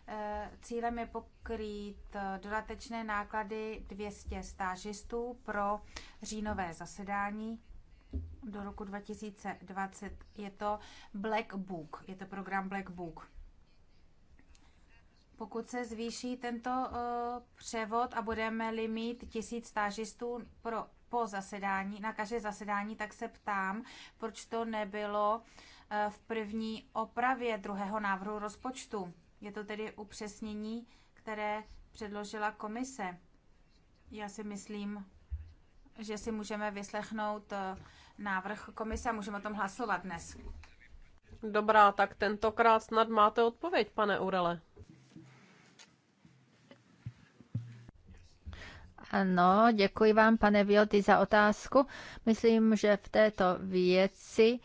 E, cílem je pokrýt dodatečné náklady 200 stážistů pro říjnové zasedání do roku 2020. Je to Black Book, je to program Black Book. Pokud se zvýší tento uh, převod a budeme-li mít tisíc stážistů pro, po zasedání, na každé zasedání, tak se ptám, proč to nebylo uh, v první opravě druhého návrhu rozpočtu. Je to tedy upřesnění, které předložila komise. Já si myslím, že si můžeme vyslechnout eh, návrh komise a můžeme o tom hlasovat dnes. Dobrá, tak tentokrát snad máte odpověď, pane Urele. Ano, děkuji vám, pane Vioty, za otázku. Myslím, že v této věci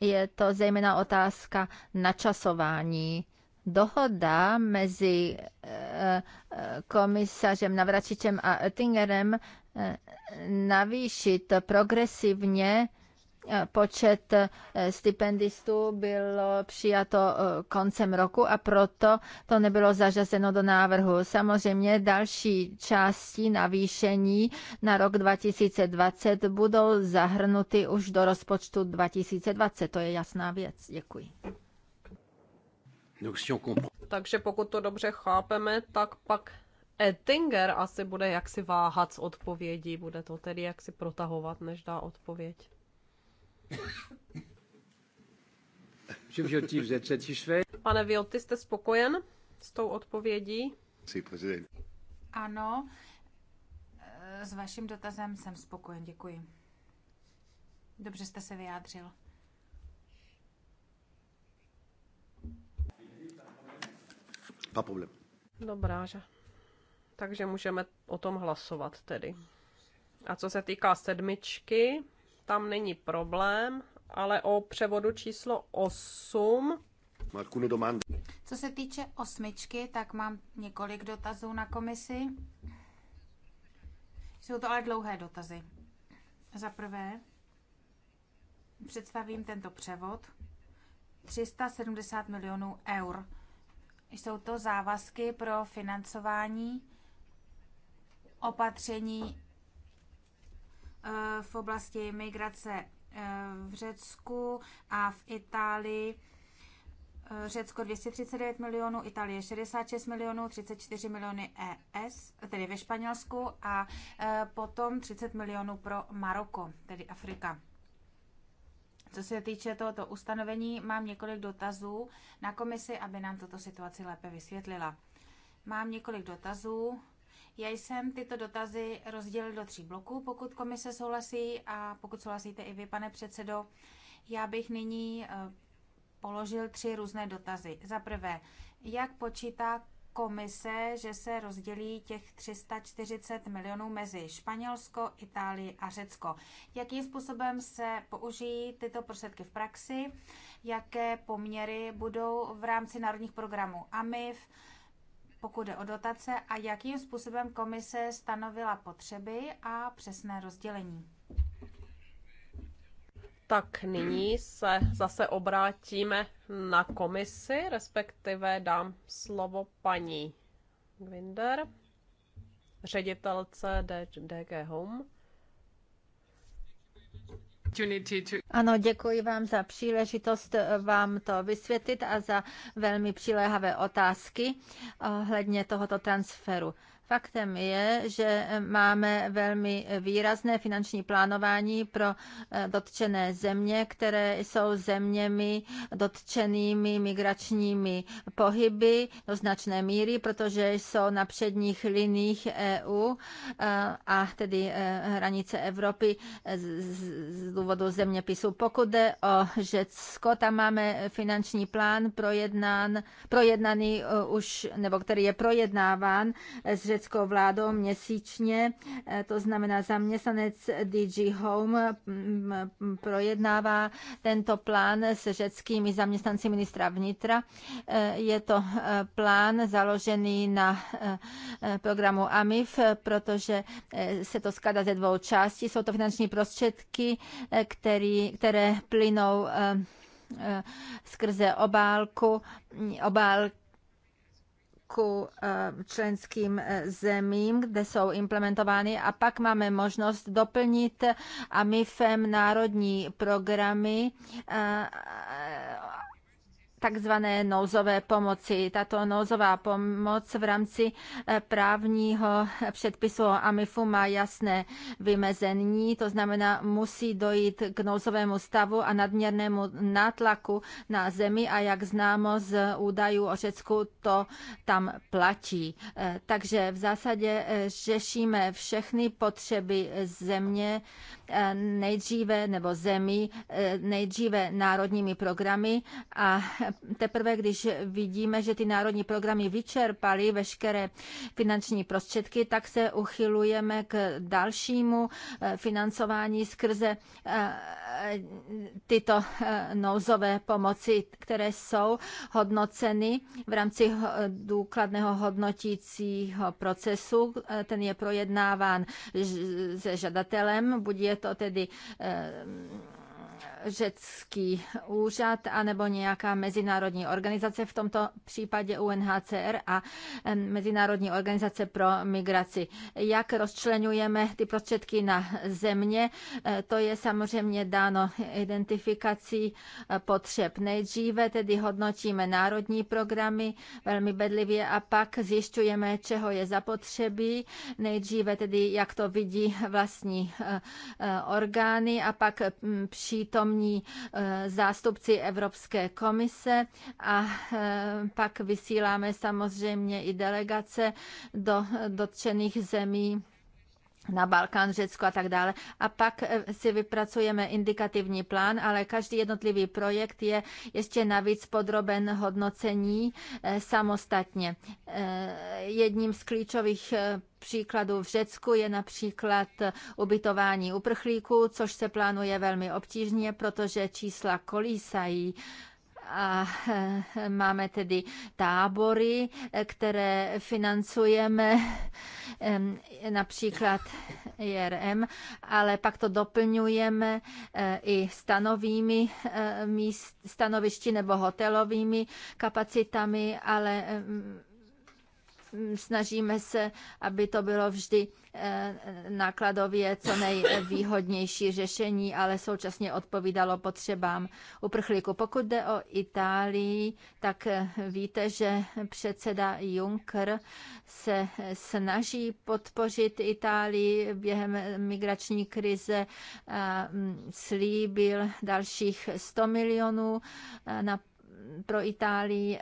je to zejména otázka načasování. Dohoda mezi eh, eh, komisařem Navračičem a Oettingerem navýšit progresivně eh, počet eh, stipendistů bylo přijato eh, koncem roku a proto to nebylo zařazeno do návrhu. Samozřejmě další části navýšení na rok 2020 budou zahrnuty už do rozpočtu 2020. To je jasná věc. Děkuji. Takže pokud to dobře chápeme, tak pak Ettinger asi bude jaksi váhat s odpovědí, bude to tedy jaksi protahovat, než dá odpověď. Pane Vioty, jste spokojen s tou odpovědí? Ano, s vaším dotazem jsem spokojen, děkuji. Dobře jste se vyjádřil. Pa problém. Dobrá, že. Takže můžeme o tom hlasovat tedy. A co se týká sedmičky, tam není problém, ale o převodu číslo 8. Co se týče osmičky, tak mám několik dotazů na komisi. Jsou to ale dlouhé dotazy. Za prvé, představím tento převod. 370 milionů eur. Jsou to závazky pro financování opatření eh, v oblasti migrace eh, v Řecku a v Itálii. Eh, Řecko 239 milionů, Itálie 66 milionů, 34 miliony ES, tedy ve Španělsku, a potom 30 milionů pro Maroko, tedy Afrika. Co se týče tohoto ustanovení, mám několik dotazů na komisi, aby nám tuto situaci lépe vysvětlila. Mám několik dotazů já jsem tyto dotazy rozdělil do tří bloků, pokud komise souhlasí a pokud souhlasíte i vy, pane předsedo, já bych nyní eh, položil tři různé dotazy. Za prvé, jak počítá komise, že se rozdělí těch 340 milionů mezi Španělsko, Itálii a Řecko. Jakým způsobem se použijí tyto prostředky v praxi, jaké poměry budou v rámci národních programů AMIF, pokud jde o dotace a jakým způsobem komise stanovila potřeby a přesné rozdělení. Tak nyní se zase obrátíme na komisi, respektive dám slovo paní Gwinder, ředitelce DG Home. Ano, děkuji vám za příležitost eh, vám to vysvětlit a za velmi přiléhavé otázky eh, ohledně tohoto transferu. Faktem je, že máme velmi výrazné finanční plánování pro eh, dotčené země, které jsou zeměmi dotčenými migračními pohyby do značné míry, protože jsou na předních liních EU eh, a tedy eh, hranice Evropy z důvodu zeměpisu. Pokud jde o Řecko, tam máme finanční plán projednán, projednaný už, nebo který je projednáván s řeckou vládou měsíčně, eh, to znamená zaměstnanec DG Home projednává tento plán s řeckými zaměstnanci ministra vnitra. Eh, je to eh, plán založený na programu AMIF, protože se to skládá ze dvou částí. Jsou to finanční prostředky, který, které plynou skrze obálku, obálky ku eh, členským eh, zemím, kde jsou implementovány a pak máme možnost doplnit a MIFem národní programy eh, takzvané nouzové pomoci. Tato nouzová pomoc v rámci eh, právního eh, předpisu o AMIFu má jasné vymezení, to znamená, musí dojít k nouzovému stavu a nadměrnému nátlaku na zemi a jak známo z údajů o Řecku, to tam platí. Eh, takže v zásadě řešíme všechny potřeby země, Eh, nejdříve nebo zemí eh, nejdříve národními programy a teprve, když vidíme, že ty národní programy vyčerpaly veškeré finanční prostředky, tak se uchylujeme k dalšímu eh, financování skrze tyto nouzové pomoci, které jsou hodnoceny v rámci důkladného hodnotícího procesu. Ten je projednáván se žadatelem, buď je to tedy eh, řecký úřad anebo nějaká mezinárodní organizace, v tomto případě UNHCR a Mezinárodní organizace pro migraci. Jak rozčlenujeme ty prostředky na země, e, to je samozřejmě dáno identifikací e, potřeb. Nejdříve tedy hodnotíme národní programy velmi bedlivě a pak zjišťujeme, čeho je zapotřebí. Nejdříve tedy, jak to vidí vlastní e, orgány a pak přítom přítomní eh, zástupci Evropské komise a eh, pak vysíláme samozřejmě i delegace do dotčených zemí na Balkán, Řecko a tak dále. A pak eh, si vypracujeme indikativní plán, ale každý jednotlivý projekt je ještě navíc podroben hodnocení eh, samostatně. Eh, jedním z klíčových příkladů v Řecku je například ubytování uprchlíků, což se plánuje velmi obtížně, protože čísla kolísají a eh, máme tedy tábory, eh, které financujeme eh, například IRM, ale pak to doplňujeme i stanovými míst, stanovišti nebo hotelovými kapacitami, ale mm, Mm, snažíme se, aby to bylo vždy eh, nákladově co nejvýhodnější řešení, ale současně odpovídalo potřebám uprchlíku. Pokud jde o Itálii, tak eh, víte, že předseda Juncker se eh, snaží podpořit Itálii během migrační krize. Mm, slíbil dalších 100 milionů na pro Itálii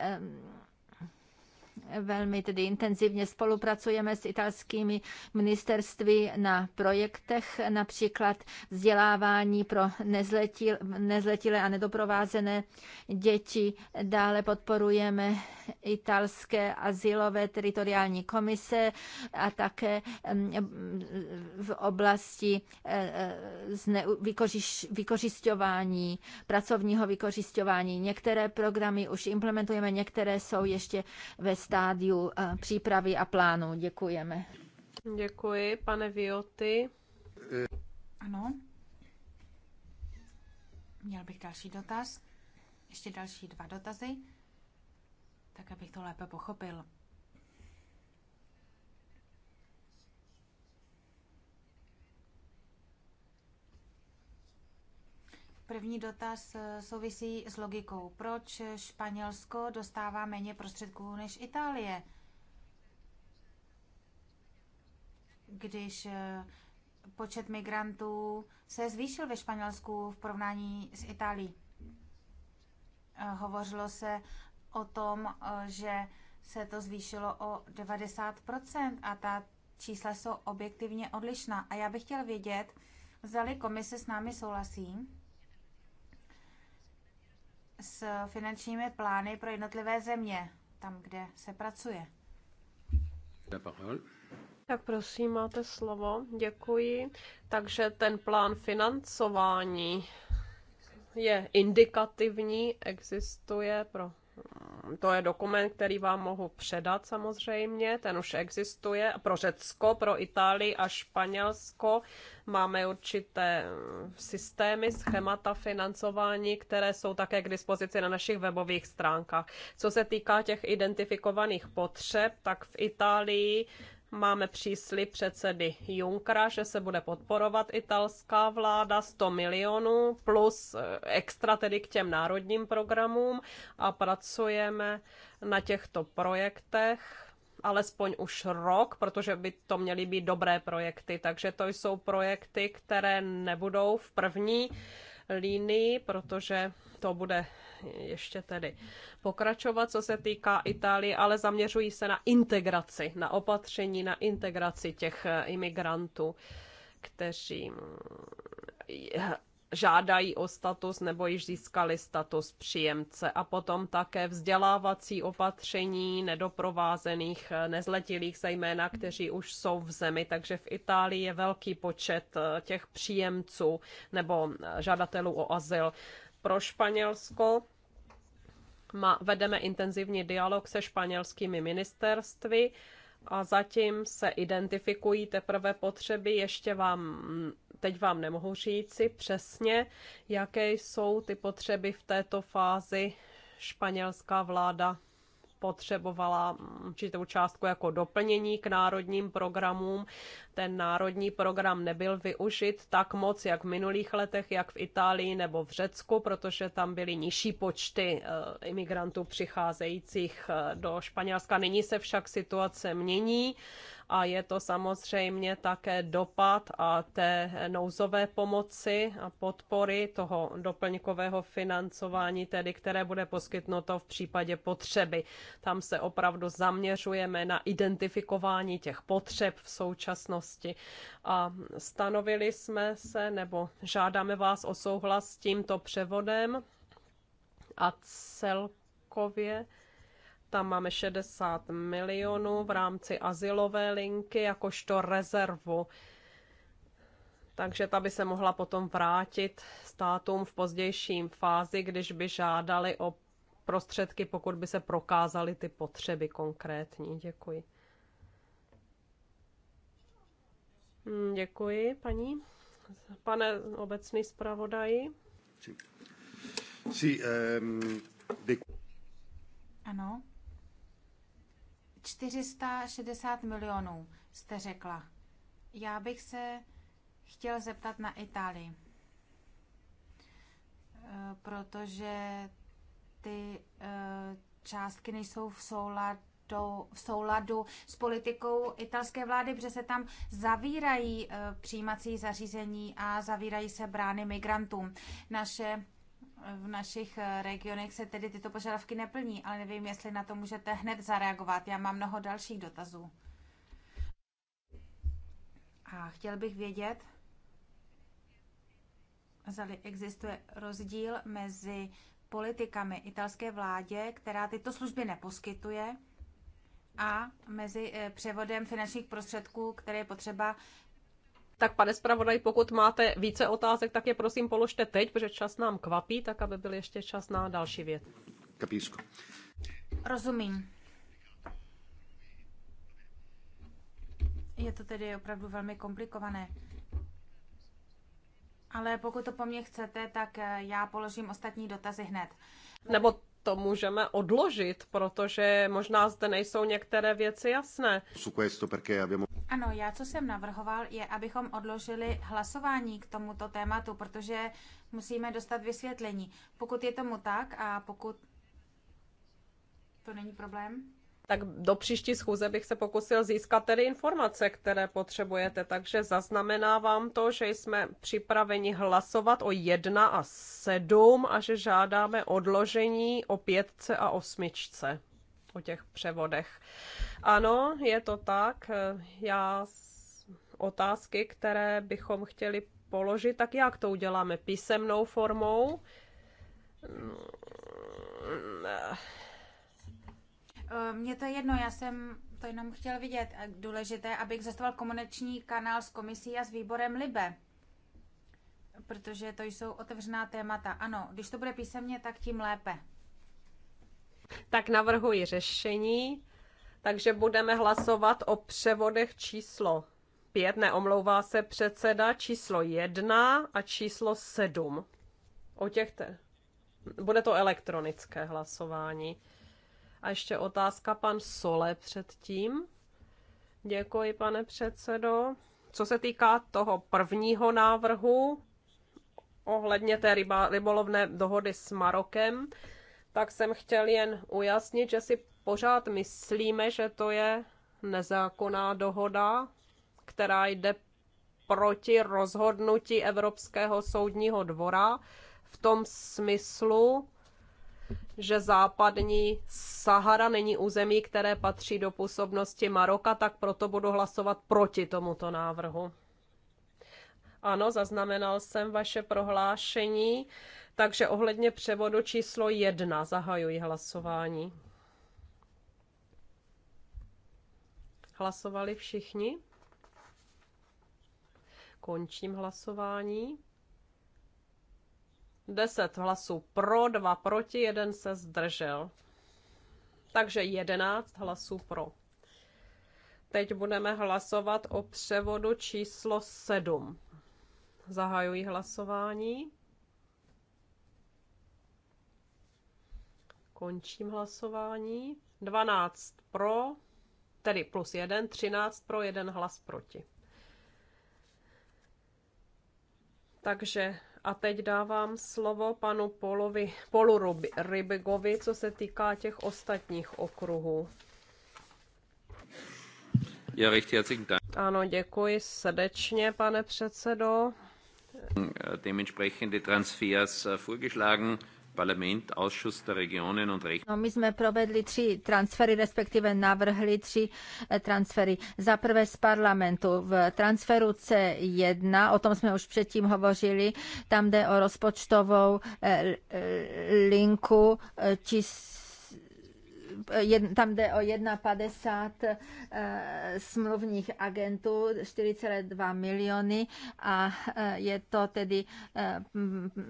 velmi tedy intenzivně spolupracujeme s italskými ministerství na projektech, například vzdělávání pro nezletil, nezletilé a nedoprovázené děti. Dále podporujeme italské asilové teritoriální komise a také mm, v oblasti e, e, vykořišťování, pracovního vykořišťování. Některé programy už implementujeme, některé jsou ještě ve stavu stádiu eh, přípravy a plánu. Děkujeme. Děkuji, pane Vioty. Ano. Měl bych další dotaz. Ještě další dva dotazy, tak abych to lépe pochopil. První dotaz eh, souvisí s logikou. Proč Španělsko dostává méně prostředků než Itálie? Když eh, počet migrantů se zvýšil ve Španělsku v porovnání s Itálií. Eh, hovořilo se o tom, že se to zvýšilo o 90% a ta čísla jsou objektivně odlišná. A já bych chtěl vědět, zda komise s námi souhlasí s finančními plány pro jednotlivé země, tam, kde se pracuje. Tak prosím, máte slovo. Děkuji. Takže ten plán financování je indikativní, existuje pro to je dokument, který vám mohu předat samozřejmě, ten už existuje. Pro Řecko, pro Itálii a Španělsko máme určité systémy, schémata financování, které jsou také k dispozici na našich webových stránkách. Co se týká těch identifikovaných potřeb, tak v Itálii Máme příslip předsedy Junkra, že se bude podporovat italská vláda 100 milionů plus eh, extra tedy k těm národním programům a pracujeme na těchto projektech alespoň už rok, protože by to měly být dobré projekty. Takže to jsou projekty, které nebudou v první línii, protože to bude ještě tedy pokračovat, co se týká Itálie, ale zaměřují se na integraci, na opatření, na integraci těch eh, imigrantů, kteří mm, žádají o status nebo již získali status příjemce a potom také vzdělávací opatření nedoprovázených eh, nezletilých, zejména kteří už jsou v zemi, takže v Itálii je velký počet eh, těch příjemců nebo žadatelů o azyl pro Španělsko. Ma, vedeme intenzivní dialog se španělskými ministerstvy a zatím se identifikují teprve potřeby. Ještě vám, teď vám nemohu říci přesně, jaké jsou ty potřeby v této fázi španělská vláda potřebovala určitou částku jako doplnění k národním programům. Ten národní program nebyl využit tak moc, jak v minulých letech, jak v Itálii nebo v Řecku, protože tam byly nižší počty eh, imigrantů přicházejících eh, do Španělska. Nyní se však situace mění a je to samozřejmě také dopad a té nouzové pomoci a podpory toho doplňkového financování, tedy které bude poskytnuto v případě potřeby. Tam se opravdu zaměřujeme na identifikování těch potřeb v současnosti a stanovili jsme se nebo žádáme vás o souhlas s tímto převodem a celkově tam máme 60 milionů v rámci asilové linky jakožto rezervu. Takže ta by se mohla potom vrátit státům v pozdějším fázi, když by žádali o prostředky, pokud by se prokázaly ty potřeby konkrétní. Děkuji. Hmm, děkuji, paní. Pane obecný zpravodaji. Ano, 460 milionů, jste řekla. Já bych se chtěl zeptat na Itálii, e, protože ty e, částky nejsou v souladu to v souladu s politikou italské vlády, protože se tam zavírají e, přijímací zařízení a zavírají se brány migrantům. Naše v našich eh, regionech se tedy tyto požadavky neplní, ale nevím, jestli na to můžete hned zareagovat. Já mám mnoho dalších dotazů. A chtěl bych vědět, zda existuje rozdíl mezi politikami italské vládě, která tyto služby neposkytuje, a mezi eh, převodem finančních prostředků, které je potřeba tak pane zpravodaj, pokud máte více otázek, tak je prosím položte teď, protože čas nám kvapí, tak aby byl ještě čas na další věc. Kapísko. Rozumím. Je to tedy opravdu velmi komplikované. Ale pokud to po mně chcete, tak eh, já položím ostatní dotazy hned. Nebo to můžeme odložit, protože možná zde nejsou některé věci jasné. Ano, já co jsem navrhoval, je, abychom odložili hlasování k tomuto tématu, protože musíme dostat vysvětlení. Pokud je tomu tak a pokud to není problém, tak do příští schůze bych se pokusil získat tedy informace, které potřebujete. Takže zaznamenávám to, že jsme připraveni hlasovat o 1 a 7 a že žádáme odložení o 5 a 8 o těch převodech. Ano, je to tak. Já otázky, které bychom chtěli položit, tak jak to uděláme? Písemnou formou? Eh, mně to je jedno, já jsem to jenom chtěl vidět. Eh, důležité, aby existoval komunikační kanál s komisí a s výborem LIBE, protože to jsou otevřená témata. Ano, když to bude písemně, tak tím lépe. Tak navrhuji řešení, takže budeme hlasovat o převodech číslo 5, neomlouvá se předseda, číslo 1 a číslo 7. O těchto. Bude to elektronické hlasování. A ještě otázka pan Sole předtím. Děkuji, pane předsedo. Co se týká toho prvního návrhu ohledně té ryba, rybolovné dohody s Marokem, tak jsem chtěl jen ujasnit, že si pořád myslíme, že to je nezákonná dohoda, která jde proti rozhodnutí Evropského soudního dvora v tom smyslu, že západní Sahara není území, které patří do působnosti Maroka, tak proto budu hlasovat proti tomuto návrhu. Ano, zaznamenal jsem vaše prohlášení, takže ohledně převodu číslo jedna zahajuji hlasování. Hlasovali všichni? Končím hlasování. 10 hlasů pro, 2 proti, 1 se zdržel. Takže 11 hlasů pro. Teď budeme hlasovat o převodu číslo 7. Zahajuji hlasování. Končím hlasování. 12 pro, tedy plus 1, 13 pro, 1 hlas proti. Takže a teď dávám slovo panu Polovi, Polu Rybigovi, co se týká těch ostatních okruhů. Ja, recht herzlichen Dank. Ano, děkuji srdečně, pane předsedo. Dementsprechende Transfers äh, vorgeschlagen. No, my jsme provedli tři transfery, respektive navrhli tři eh, transfery. Za prvé z parlamentu. V transferu C1, o tom jsme už předtím hovořili, tam jde o rozpočtovou eh, eh, linku číslo tam jde o 1,50 eh, smluvních agentů, 4,2 miliony a eh, je to tedy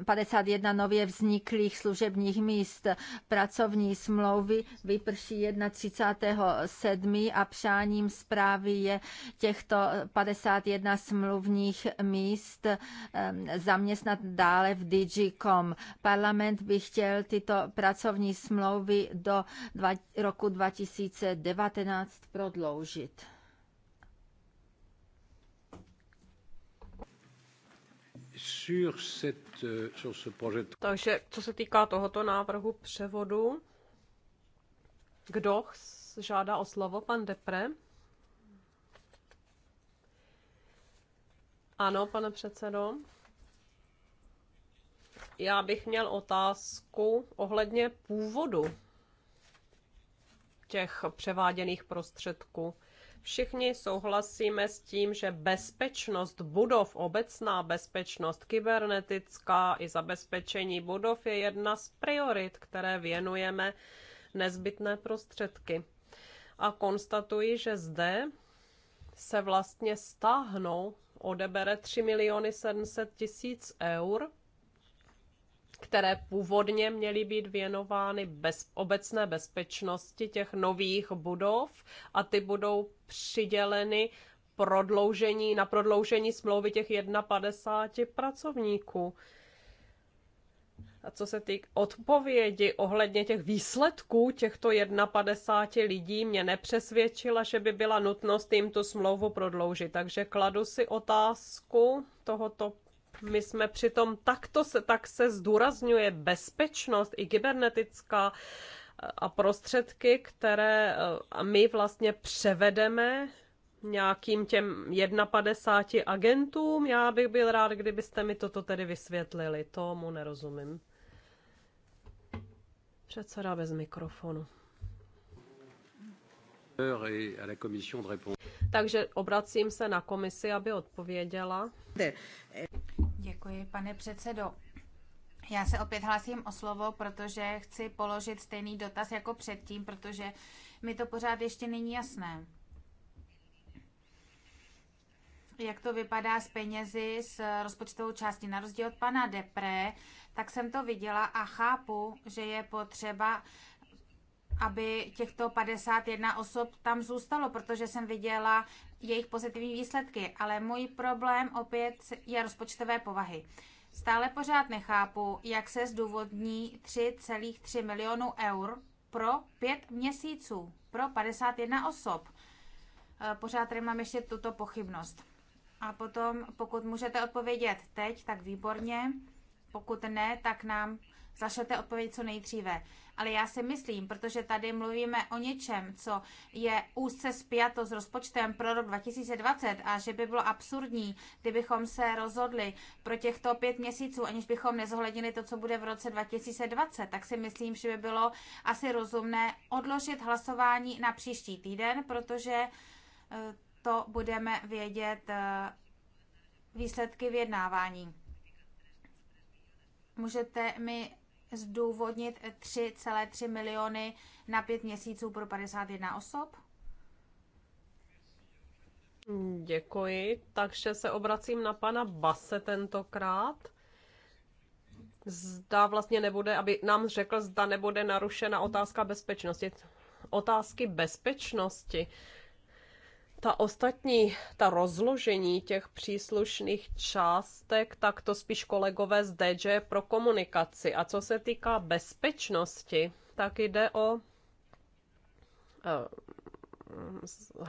51 eh, nově vzniklých služebních míst. Pracovní smlouvy vyprší 31.7. a přáním zprávy je těchto 51 smluvních míst zaměstnat dále v DigiCom Parlament by chtěl tyto pracovní smlouvy do 20 roku 2019 prodloužit. Euh, Takže co se týká tohoto návrhu převodu, kdo žádá o slovo? Pan Depre? Ano, pane předsedo. Já bych měl otázku ohledně původu těch převáděných prostředků. Všichni souhlasíme s tím, že bezpečnost budov, obecná bezpečnost, kybernetická i zabezpečení budov je jedna z priorit, které věnujeme nezbytné prostředky. A konstatuji, že zde se vlastně stáhnou, odebere 3 miliony 700 tisíc eur které původně měly být věnovány bez, obecné bezpečnosti těch nových budov a ty budou přiděleny prodloužení, na prodloužení smlouvy těch 51 pracovníků. A co se týk odpovědi ohledně těch výsledků těchto 51 lidí, mě nepřesvědčila, že by byla nutnost jim tu smlouvu prodloužit. Takže kladu si otázku tohoto my jsme přitom takto se, tak se zdůrazňuje bezpečnost i kybernetická eh, a prostředky, které eh, my vlastně převedeme nějakým těm 51 agentům. Já bych byl rád, kdybyste mi toto tedy vysvětlili. Tomu nerozumím. Předseda bez mikrofonu. Takže obracím se na komisi, aby odpověděla. Eh, Děkuji, pane předsedo. Já se opět hlásím o slovo, protože chci položit stejný dotaz jako předtím, protože mi to pořád ještě není jasné. Jak to vypadá s penězi s rozpočtovou částí? Na rozdíl od pana Depre, tak jsem to viděla a chápu, že je potřeba aby těchto 51 osob tam zůstalo, protože jsem viděla jejich pozitivní výsledky, ale můj problém opět je rozpočtové povahy. Stále pořád nechápu, jak se zdůvodní 3,3 milionů eur pro pět měsíců, pro 51 osob. Eh, pořád tady mám ještě tuto pochybnost. A potom, pokud můžete odpovědět teď, tak výborně. Pokud ne, tak nám zašlete odpověď co nejdříve ale já si myslím, protože tady mluvíme o něčem, co je úzce spjato s rozpočtem pro rok 2020 a že by bylo absurdní, kdybychom se rozhodli pro těchto pět měsíců, aniž bychom nezohlednili to, co bude v roce 2020, tak si myslím, že by bylo asi rozumné odložit hlasování na příští týden, protože eh, to budeme vědět eh, výsledky vyjednávání. Můžete mi zdůvodnit 3,3 miliony na pět měsíců pro 51 osob? Děkuji, takže se obracím na pana Base tentokrát. Zda vlastně nebude, aby nám řekl, zda nebude narušena otázka bezpečnosti. Otázky bezpečnosti ta ostatní, ta rozložení těch příslušných částek, tak to spíš kolegové z DJ pro komunikaci. A co se týká bezpečnosti, tak jde o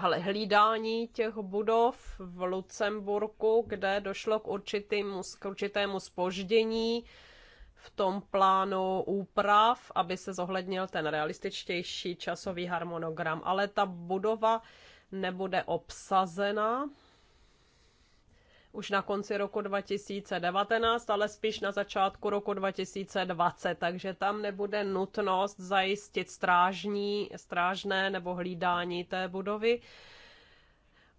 eh, hlídání těch budov v Lucemburku, kde došlo k, určitýmu, k určitému spoždění v tom plánu úprav, aby se zohlednil ten realističtější časový harmonogram. Ale ta budova nebude obsazena už na konci roku 2019, ale spíš na začátku roku 2020, takže tam nebude nutnost zajistit strážní, strážné nebo hlídání té budovy.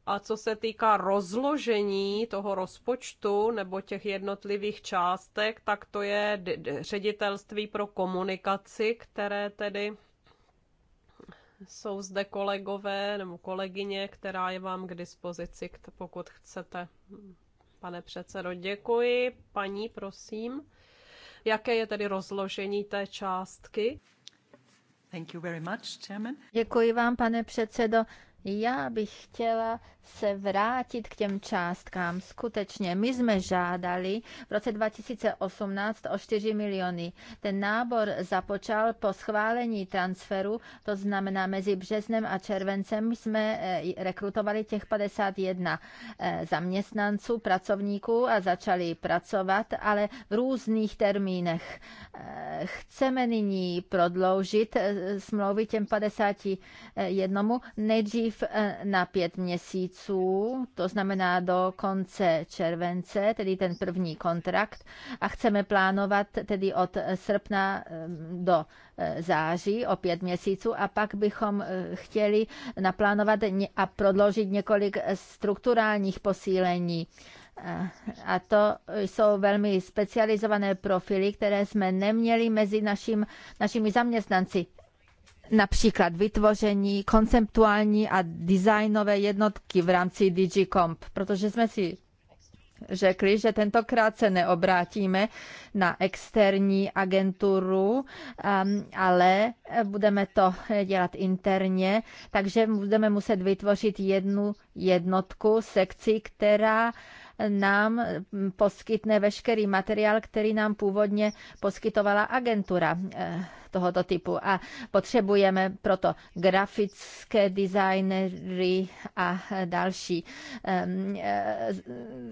A co se týká rozložení toho rozpočtu nebo těch jednotlivých částek, tak to je ředitelství pro komunikaci, které tedy jsou zde kolegové nebo kolegyně, která je vám k dispozici, pokud chcete. Pane předsedo, děkuji. Paní, prosím. Jaké je tedy rozložení té částky? Thank you very much, Děkuji vám, pane předsedo. Já bych chtěla se vrátit k těm částkám. Skutečně, my jsme žádali v roce 2018 o 4 miliony. Ten nábor započal po schválení transferu, to znamená mezi březnem a červencem jsme eh, rekrutovali těch 51 eh, zaměstnanců, pracovníků a začali pracovat, ale v různých termínech. Eh, chceme nyní prodloužit smlouvy těm 51, nejdřív na pět měsíců, měsíců, to znamená do konce července, tedy ten první kontrakt, a chceme plánovat tedy od srpna do e, září o pět měsíců a pak bychom e, chtěli naplánovat a prodloužit několik strukturálních posílení. E, a to jsou velmi specializované profily, které jsme neměli mezi naším, našimi zaměstnanci například vytvoření konceptuální a designové jednotky v rámci DigiComp, protože jsme si řekli, že tentokrát se neobrátíme na externí agenturu, um, ale budeme to dělat interně, takže budeme muset vytvořit jednu jednotku, sekci, která nám mm, poskytne veškerý materiál, který nám původně poskytovala agentura eh, tohoto typu. A potřebujeme proto grafické designery a další ehm, eh,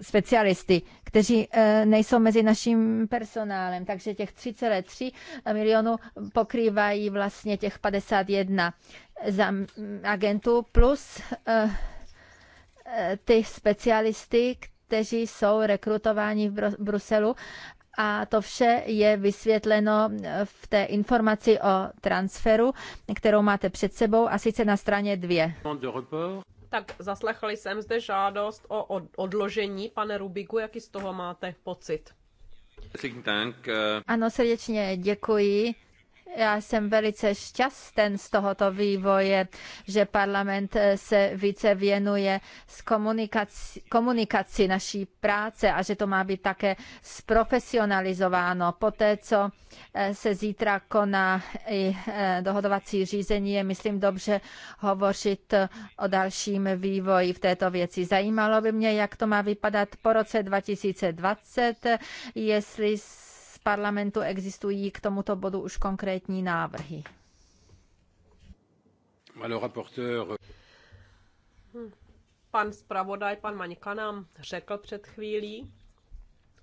specialisty, kteří eh, nejsou mezi naším personálem. Takže těch 3,3 milionů pokrývají vlastně těch 51 mm, agentů plus ty specialisty, kteří jsou rekrutováni v Bruselu a to vše je vysvětleno v té informaci o transferu, kterou máte před sebou a sice na straně dvě. Tak zaslechali jsem zde žádost o odložení. Pane Rubiku, jaký z toho máte pocit? Eh. Ano, srdečně děkuji. Já jsem velice šťasten z tohoto vývoje, že parlament eh, se více věnuje s komunikaci, komunikaci naší práce a že to má být také zprofesionalizováno. Poté, co eh, se zítra koná i eh, dohodovací řízení, je, myslím, dobře hovořit o dalším vývoji v této věci. Zajímalo by mě, jak to má vypadat po roce 2020, jestli parlamentu existují k tomuto bodu už konkrétní návrhy. Pan zpravodaj, pan Maňka nám řekl před chvílí,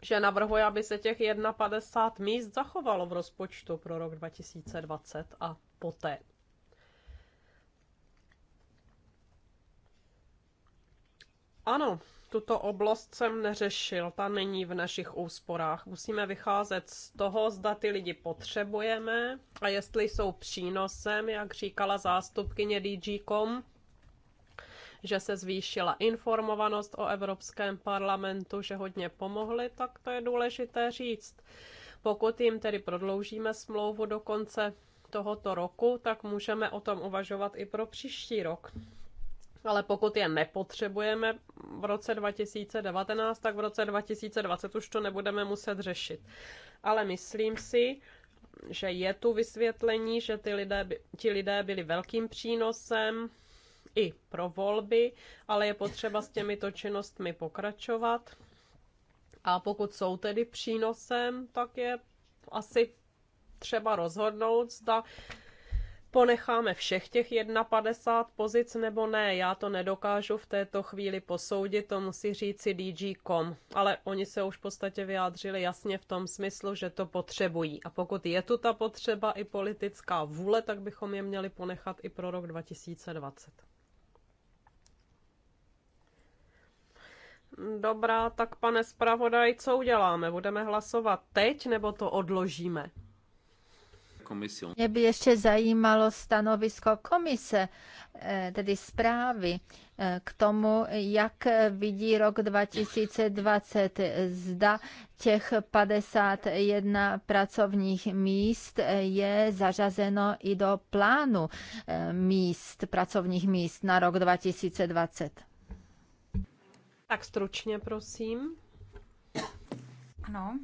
že navrhuje, aby se těch 51 míst zachovalo v rozpočtu pro rok 2020 a poté. Ano, tuto oblast jsem neřešil, ta není v našich úsporách. Musíme vycházet z toho, zda ty lidi potřebujeme a jestli jsou přínosem, jak říkala zástupkyně DG.com, že se zvýšila informovanost o Evropském parlamentu, že hodně pomohli, tak to je důležité říct. Pokud jim tedy prodloužíme smlouvu do konce tohoto roku, tak můžeme o tom uvažovat i pro příští rok ale pokud je nepotřebujeme v roce 2019, tak v roce 2020 už to nebudeme muset řešit. Ale myslím si, že je tu vysvětlení, že ty lidé, ti lidé byli velkým přínosem i pro volby, ale je potřeba s těmito činnostmi pokračovat. A pokud jsou tedy přínosem, tak je asi třeba rozhodnout, zda ponecháme všech těch 51 pozic nebo ne, já to nedokážu v této chvíli posoudit, to musí říci DG.com, ale oni se už v podstatě vyjádřili jasně v tom smyslu, že to potřebují. A pokud je tu ta potřeba i politická vůle, tak bychom je měli ponechat i pro rok 2020. Dobrá, tak pane zpravodaj, co uděláme? Budeme hlasovat teď nebo to odložíme? Mě by ještě zajímalo stanovisko komise, eh, tedy zprávy eh, k tomu, jak vidí rok 2020. Zda těch 51 pracovních míst eh, je zařazeno i do plánu míst, pracovních míst na rok 2020. Tak stručně, prosím. Ano,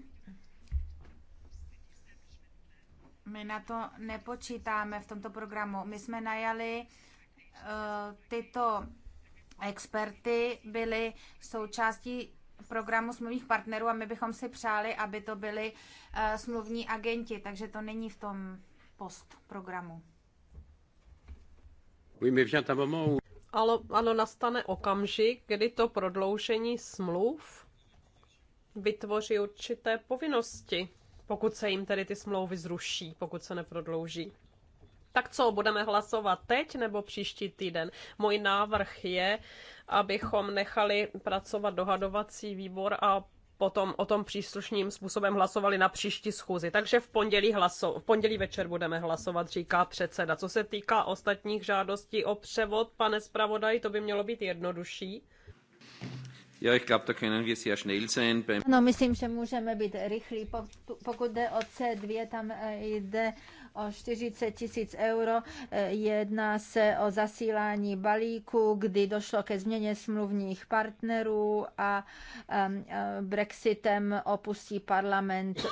My na to nepočítáme v tomto programu. My jsme najali eh, tyto experty, byli součástí programu smluvních partnerů a my bychom si přáli, aby to byli eh, smluvní agenti, takže to není v tom postprogramu. programu. Ale ano, nastane okamžik, kdy to prodloužení smluv vytvoří určité povinnosti pokud se jim tedy ty smlouvy zruší, pokud se neprodlouží. Tak co, budeme hlasovat teď nebo příští týden? Můj návrh je, abychom nechali pracovat dohadovací výbor a potom o tom příslušným způsobem hlasovali na příští schůzi. Takže v pondělí, hlaso, v pondělí večer budeme hlasovat, říká předseda. Co se týká ostatních žádostí o převod, pane zpravodaj, to by mělo být jednodušší. No, myslím, že můžeme být rychlí. Pokud jde o C2, tam eh, jde o 40 tisíc euro. Eh, jedná se o zasílání balíku, kdy došlo ke změně smluvních partnerů a eh, Brexitem opustí parlament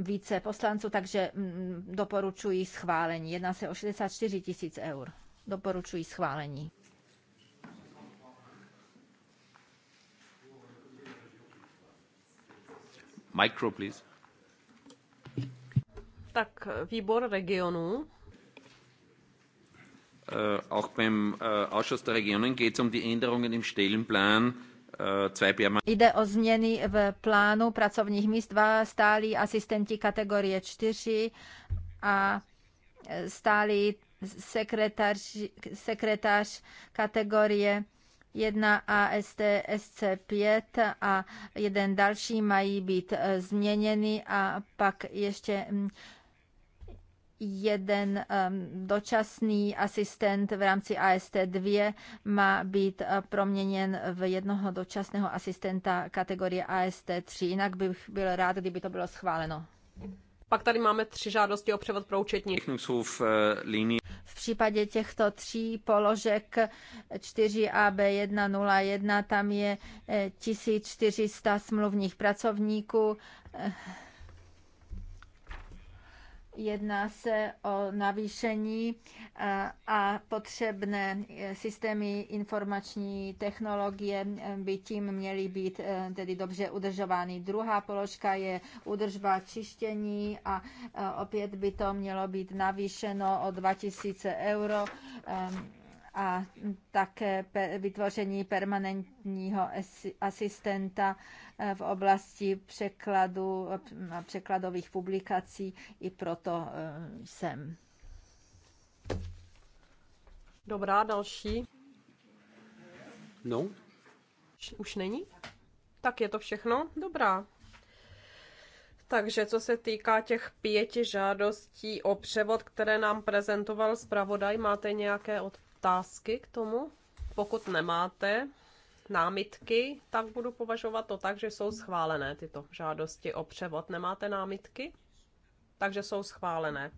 více poslanců, takže mm, doporučuji schválení. Jedná se o 64 tisíc eur. Doporučuji schválení. Micro, please. Tak výbor regionů. Uh, auch beim uh, Ausschuss der Regionen geht es um die Änderungen im Stellenplan äh, Jde o změny v plánu pracovních míst, dva stálí asistenti kategorie 4 a e, stálí sekretář, sekretář kategorie Jedna AST sc 5 a jeden další mají být eh, změněny a pak ještě mm, jeden ehm, dočasný asistent v rámci AST2 má být eh, proměněn v jednoho dočasného asistenta kategorie AST3. Jinak bych byl rád, kdyby to bylo schváleno. Pak tady máme tři žádosti o převod pro účetní. Eh, v případě těchto tří položek 4AB101 tam je 1400 eh, smluvních pracovníků eh, Jedná se o navýšení eh, a potřebné systémy informační technologie by tím měly být eh, tedy dobře udržovány. Druhá položka je udržba čištění a eh, opět by to mělo být navýšeno o 2000 euro a také vytvoření permanentního asistenta e, v oblasti překladu, e, překladových publikací. I proto e, jsem. Dobrá, další. No. Už není? Tak je to všechno? Dobrá. Takže co se týká těch pěti žádostí o převod, které nám prezentoval zpravodaj, máte nějaké odpovědi? otázky k tomu? Pokud nemáte námitky, tak budu považovat to tak, že jsou schválené tyto žádosti o převod. Nemáte námitky? Takže jsou schválené.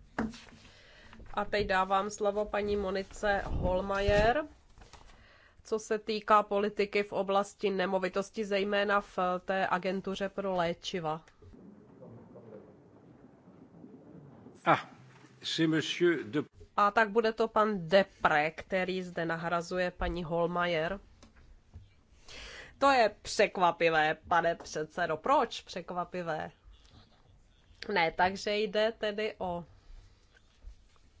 A teď dávám slovo paní Monice Holmajer, co se týká politiky v oblasti nemovitosti, zejména v té agentuře pro léčiva. Ah, c'est monsieur de... A tak bude to pan Depre, který zde nahrazuje paní Holmajer. To je překvapivé, pane předsedo. Proč překvapivé? Ne, takže jde tedy o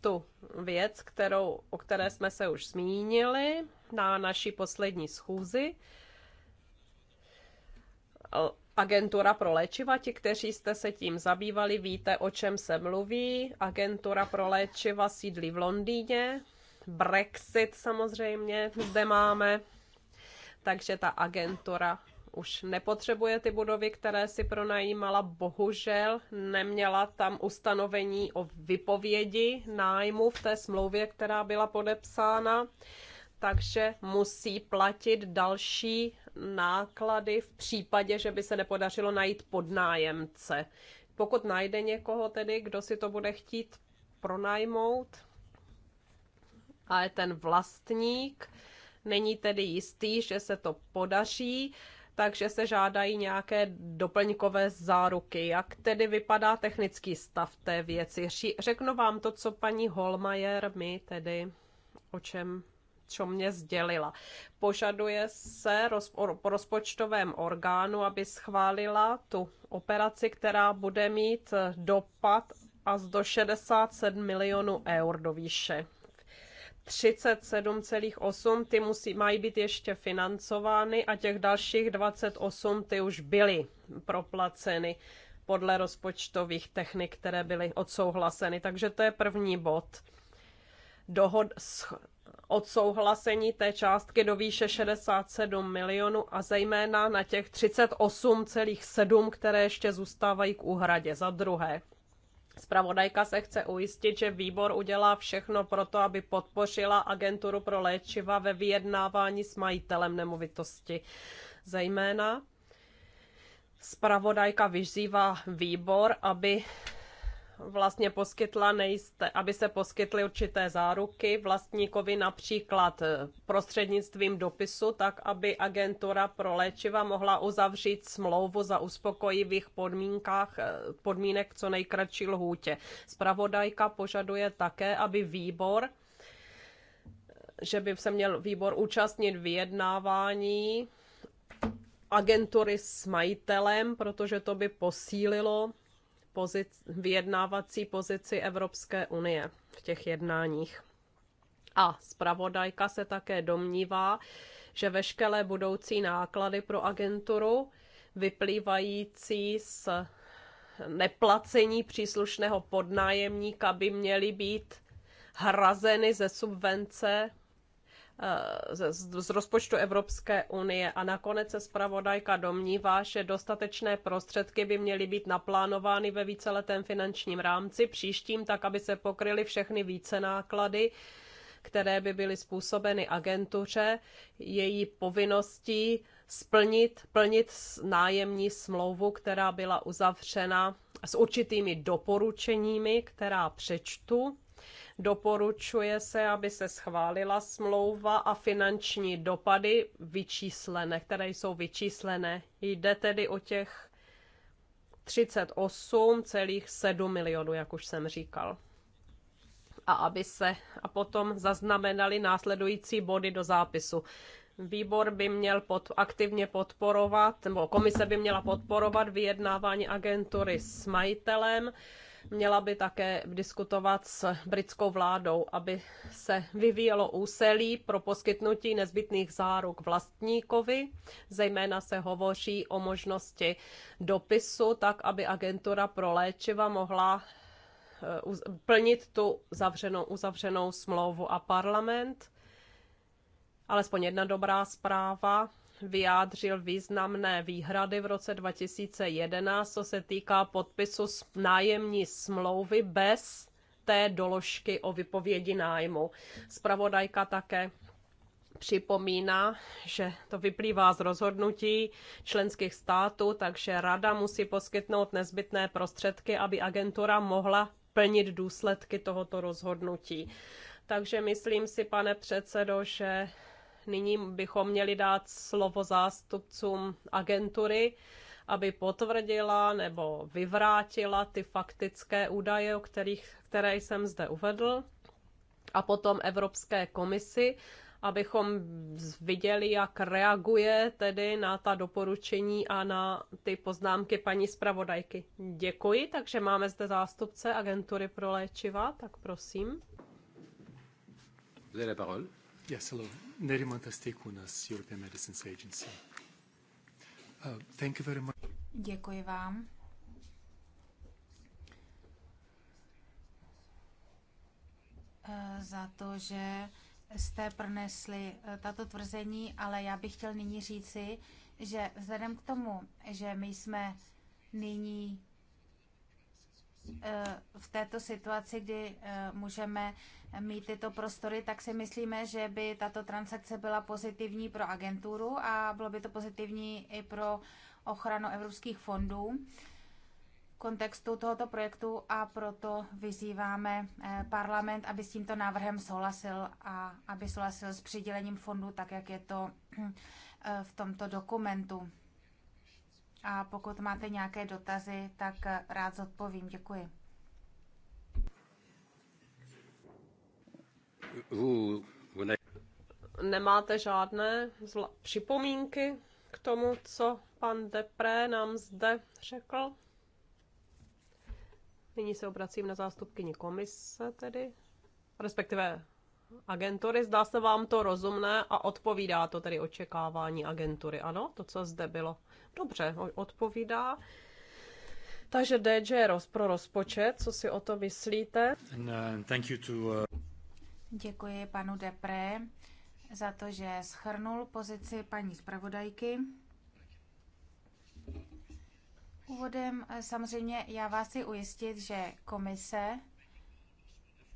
tu věc, kterou, o které jsme se už zmínili na naší poslední schůzi. Agentura pro léčiva, ti, kteří jste se tím zabývali, víte, o čem se mluví. Agentura pro léčiva sídlí v Londýně. Brexit samozřejmě zde máme. Takže ta agentura už nepotřebuje ty budovy, které si pronajímala. Bohužel neměla tam ustanovení o vypovědi nájmu v té smlouvě, která byla podepsána takže musí platit další náklady v případě, že by se nepodařilo najít podnájemce. Pokud najde někoho tedy, kdo si to bude chtít pronajmout, ale ten vlastník není tedy jistý, že se to podaří, takže se žádají nějaké doplňkové záruky. Jak tedy vypadá technický stav té věci? Řeknu vám to, co paní Holmajer mi tedy o čem co mě sdělila. Požaduje se roz, po rozpočtovém orgánu, aby schválila tu operaci, která bude mít dopad až do 67 milionů eur do výše. 37,8 ty musí, mají být ještě financovány a těch dalších 28 ty už byly proplaceny podle rozpočtových technik, které byly odsouhlaseny. Takže to je první bod. Dohod, odsouhlasení té částky do výše 67 milionů a zejména na těch 38,7, které ještě zůstávají k úhradě. Za druhé, Spravodajka se chce ujistit, že výbor udělá všechno pro to, aby podpořila agenturu pro léčiva ve vyjednávání s majitelem nemovitosti. Zejména spravodajka vyzývá výbor, aby vlastně poskytla nejste, aby se poskytly určité záruky vlastníkovi například eh, prostřednictvím dopisu, tak aby agentura pro léčiva mohla uzavřít smlouvu za uspokojivých podmínkách, eh, podmínek co nejkratší lhůtě. Spravodajka požaduje také, aby výbor že by se měl výbor účastnit vyjednávání agentury s majitelem, protože to by posílilo pozic, vyjednávací pozici Evropské unie v těch jednáních. A zpravodajka se také domnívá, že veškeré budoucí náklady pro agenturu vyplývající z neplacení příslušného podnájemníka by měly být hrazeny ze subvence Eh, z rozpočtu Evropské unie. A nakonec se zpravodajka domnívá, že dostatečné prostředky by měly být naplánovány ve víceletém finančním rámci příštím, tak aby se pokryly všechny více náklady které by byly způsobeny agentuře, její povinností splnit, plnit nájemní smlouvu, která byla uzavřena s určitými doporučeními, která přečtu Doporučuje se, aby se schválila smlouva a finanční dopady vyčíslené, které jsou vyčíslené. Jde tedy o těch 38,7 milionů, jak už jsem říkal. A aby se a potom zaznamenali následující body do zápisu. Výbor by měl pod, aktivně podporovat, nebo komise by měla podporovat vyjednávání agentury s majitelem, Měla by také diskutovat s britskou vládou, aby se vyvíjelo úsilí pro poskytnutí nezbytných záruk vlastníkovi. Zejména se hovoří o možnosti dopisu, tak aby agentura pro léčiva mohla eh, plnit tu zavřenou, uzavřenou smlouvu a parlament. Alespoň jedna dobrá zpráva vyjádřil významné výhrady v roce 2011, co se týká podpisu nájemní smlouvy bez té doložky o vypovědi nájmu. Spravodajka také připomíná, že to vyplývá z rozhodnutí členských států, takže rada musí poskytnout nezbytné prostředky, aby agentura mohla plnit důsledky tohoto rozhodnutí. Takže myslím si, pane předsedo, že nyní bychom měli dát slovo zástupcům agentury, aby potvrdila nebo vyvrátila ty faktické údaje, o kterých, které jsem zde uvedl, a potom Evropské komisi, abychom viděli, jak reaguje tedy na ta doporučení a na ty poznámky paní zpravodajky. Děkuji, takže máme zde zástupce agentury pro léčiva, tak prosím. Vous avez la parole. Yes, hello. Nerimantas Tekunas, European Medicines Agency. Uh, thank you very much. Děkuji vám. Eh, za to, že jste pronesli eh, tato tvrzení, ale já bych chtěl nyní říci, že vzhledem k tomu, že my jsme nyní Eh, v této situaci, kdy eh, můžeme mít tyto prostory, tak si myslíme, že by tato transakce byla pozitivní pro agenturu a bylo by to pozitivní i pro ochranu evropských fondů v kontextu tohoto projektu a proto vyzýváme eh, parlament, aby s tímto návrhem souhlasil a aby souhlasil s přidělením fondu, tak jak je to v tomto dokumentu. A pokud máte nějaké dotazy, tak rád zodpovím. Děkuji. Nemáte žádné zla- připomínky k tomu, co pan Depré nám zde řekl? Nyní se obracím na zástupkyni komise tedy, respektive agentury. Zdá se vám to rozumné a odpovídá to tedy očekávání agentury, ano? To, co zde bylo Dobře, odpovídá. Takže DG pro rozpočet, co si o to myslíte? And, uh, thank you to, uh... Děkuji panu Depré za to, že schrnul pozici paní zpravodajky. Úvodem eh, samozřejmě já vás chci ujistit, že komise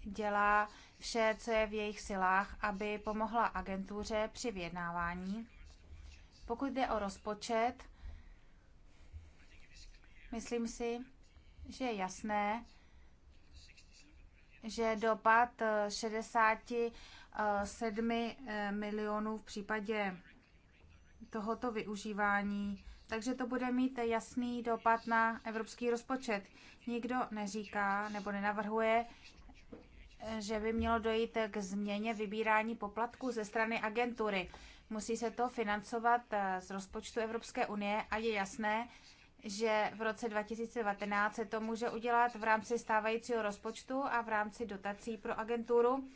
dělá vše, co je v jejich silách, aby pomohla agentuře při vyjednávání. Pokud jde o rozpočet, Myslím si, že je jasné, že dopad 67 eh, eh, eh, milionů v případě tohoto využívání, takže to bude mít jasný dopad na evropský rozpočet. Nikdo neříká nebo nenavrhuje, že by mělo dojít k změně vybírání poplatků ze strany agentury. Musí se to financovat z rozpočtu Evropské unie a je jasné, že v roce 2019 se to může udělat v rámci stávajícího rozpočtu a v rámci dotací pro agenturu,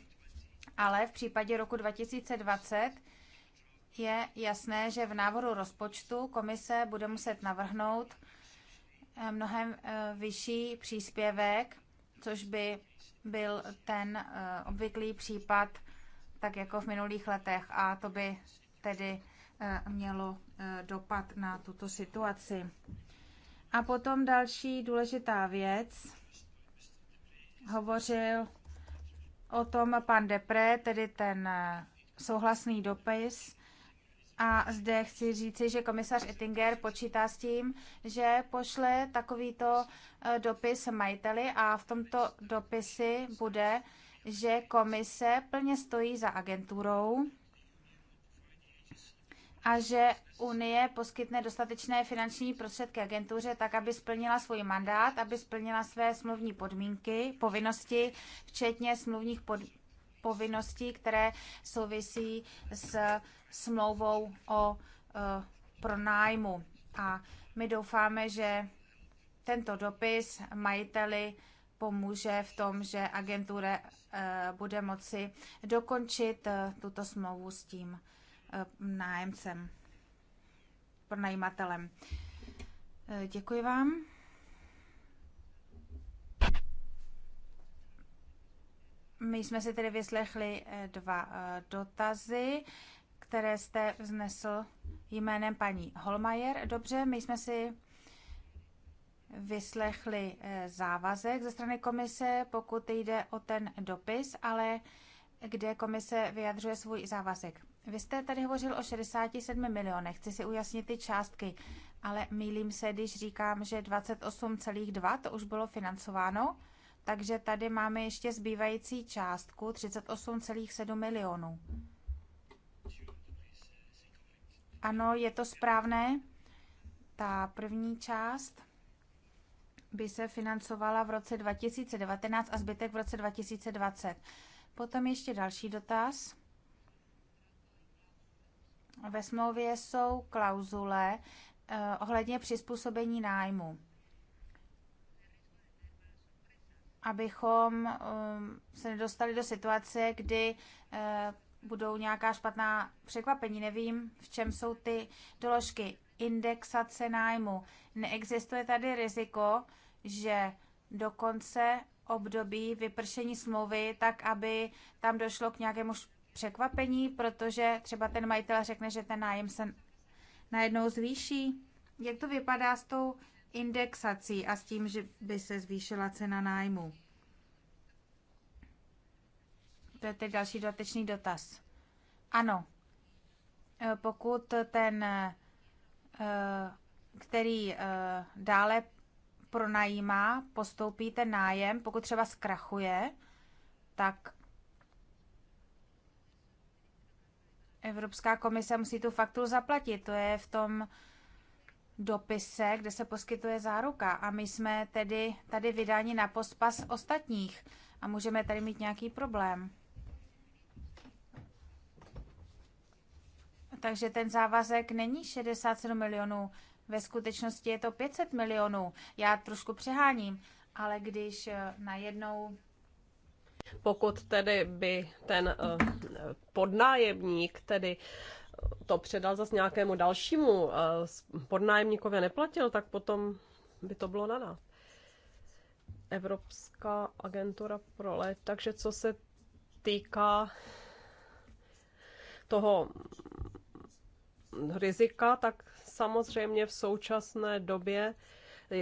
ale v případě roku 2020 je jasné, že v návodu rozpočtu komise bude muset navrhnout eh, mnohem eh, vyšší příspěvek, což by byl ten eh, obvyklý případ, tak jako v minulých letech, a to by tedy mělo dopad na tuto situaci. A potom další důležitá věc. Hovořil o tom pan Depré, tedy ten eh, souhlasný dopis. A zde chci říci, že komisař Ettinger počítá s tím, že pošle takovýto eh, dopis majiteli a v tomto dopisy bude, že komise plně stojí za agenturou a že Unie poskytne dostatečné finanční prostředky agentuře tak, aby splnila svůj mandát, aby splnila své smluvní podmínky, povinnosti, včetně smluvních pod, povinností, které souvisí s smlouvou o e, pronájmu. A my doufáme, že tento dopis majiteli pomůže v tom, že agentura e, bude moci dokončit e, tuto smlouvu s tím Eh, nájemcem, pronajímatelem. Eh, děkuji vám. My jsme si tedy vyslechli eh, dva dotazy, které jste vznesl jménem paní Holmajer. Dobře, my jsme si vyslechli závazek ze strany komise, pokud jde o ten dopis, ale kde komise vyjadřuje svůj závazek. Vy jste tady hovořil o 67 milionech, chci si ujasnit ty částky, ale mýlím se, když říkám, že 28,2 to už bylo financováno, takže tady máme ještě zbývající částku 38,7 milionů. Ano, je to správné. Ta první část by se financovala v roce 2019 a zbytek v roce 2020. Potom ještě další dotaz. Ve smlouvě jsou klauzule eh, ohledně přizpůsobení nájmu. Abychom ehm, se nedostali do situace, kdy eh, budou nějaká špatná překvapení. Nevím, v čem jsou ty doložky. Indexace nájmu. Neexistuje tady riziko, že do konce období vypršení smlouvy, tak aby tam došlo k nějakému překvapení, protože třeba ten majitel řekne, že ten nájem se najednou zvýší. Jak to vypadá s tou indexací a s tím, že by se zvýšila cena nájmu? To je teď další dodatečný dotaz. Ano, e, pokud ten, e, který e, dále pronajímá, postoupí ten nájem, pokud třeba zkrachuje, tak Evropská komise musí tu fakturu zaplatit. To je v tom dopise, kde se poskytuje záruka. A my jsme tedy tady vydáni na pospas ostatních a můžeme tady mít nějaký problém. Takže ten závazek není 67 milionů, ve skutečnosti je to 500 milionů. Já trošku přeháním, ale když najednou pokud tedy by ten eh, podnájemník tedy to předal zase nějakému dalšímu eh, podnájemníkovi neplatil, tak potom by to bylo na nás. Evropská agentura pro let. Takže co se týká toho rizika, tak samozřejmě v současné době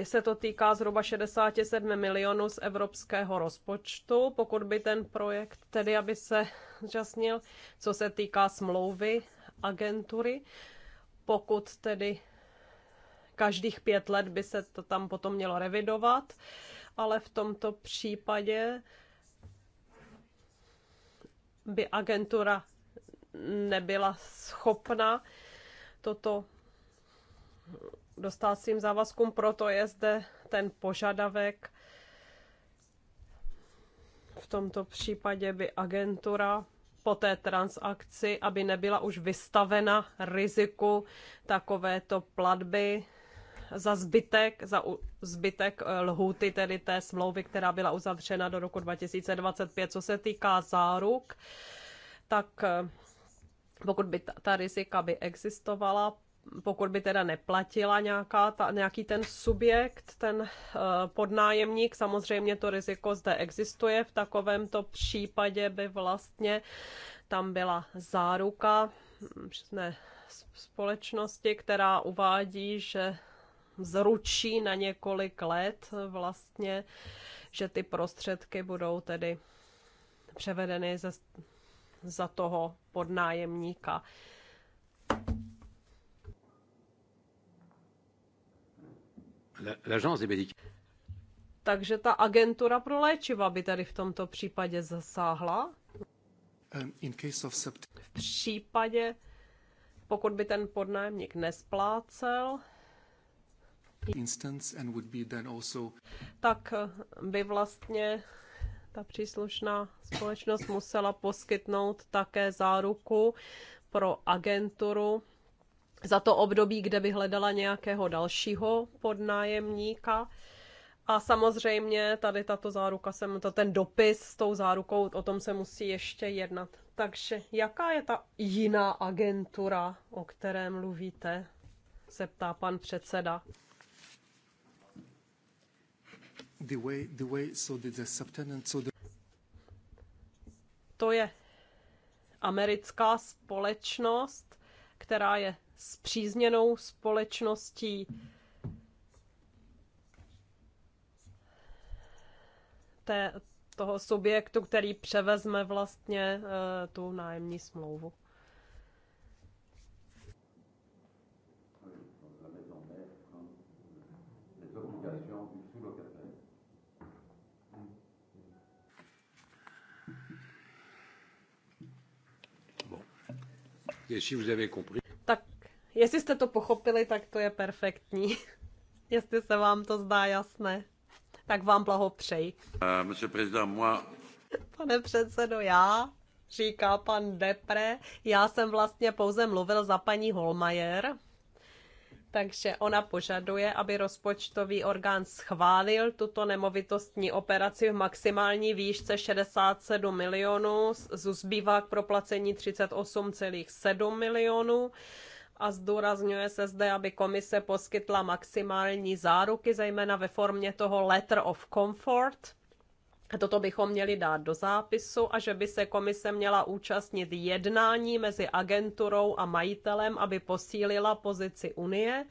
se to týká zhruba 67 milionů z evropského rozpočtu, pokud by ten projekt tedy, aby se zúčastnil, co se týká smlouvy agentury, pokud tedy každých pět let by se to tam potom mělo revidovat, ale v tomto případě by agentura nebyla schopna toto Dostal svým závazkům, proto je zde ten požadavek. V tomto případě by agentura po té transakci, aby nebyla už vystavena riziku takovéto platby za zbytek, za zbytek eh, lhůty tedy té smlouvy, která byla uzavřena do roku 2025. Co se týká záruk, tak eh, pokud by ta, ta rizika by existovala, pokud by teda neplatila nějaká ta, nějaký ten subjekt, ten eh, podnájemník, samozřejmě to riziko zde existuje. V takovémto případě by vlastně tam byla záruka hm, ne, společnosti, která uvádí, že zručí na několik let vlastně, že ty prostředky budou tedy převedeny ze, za toho podnájemníka. L'agence des médicaments. Takže ta agentura pro léčiva by tady v tomto případě zasáhla? Um, v případě, pokud by ten podnájemník nesplácel, tak by vlastně ta příslušná společnost musela poskytnout také záruku pro agenturu za to období, kde by hledala nějakého dalšího podnájemníka. A samozřejmě tady tato záruka, jsem, to ten dopis s tou zárukou, o tom se musí ještě jednat. Takže jaká je ta jiná agentura, o které mluvíte, se ptá pan předseda. The way, the way, so the, the so the... To je americká společnost, která je spřízněnou společností. Té, toho subjektu, který převezme vlastně eh, tu nájemní smlouvu. si vous avez compris. Jestli jste to pochopili, tak to je perfektní. *laughs* Jestli se vám to zdá jasné, tak vám blahopřeji. Eh, Pane předsedo, já, říká pan Depre, já jsem vlastně pouze mluvil za paní Holmajer, takže ona požaduje, aby rozpočtový orgán schválil tuto nemovitostní operaci v maximální výšce 67 milionů, zbývá k proplacení 38,7 milionů a zdůrazňuje se zde, aby komise poskytla maximální záruky, zejména ve formě toho letter of comfort, Toto bychom měli dát do zápisu a že by se komise měla účastnit jednání mezi agenturou a majitelem, aby posílila pozici Unie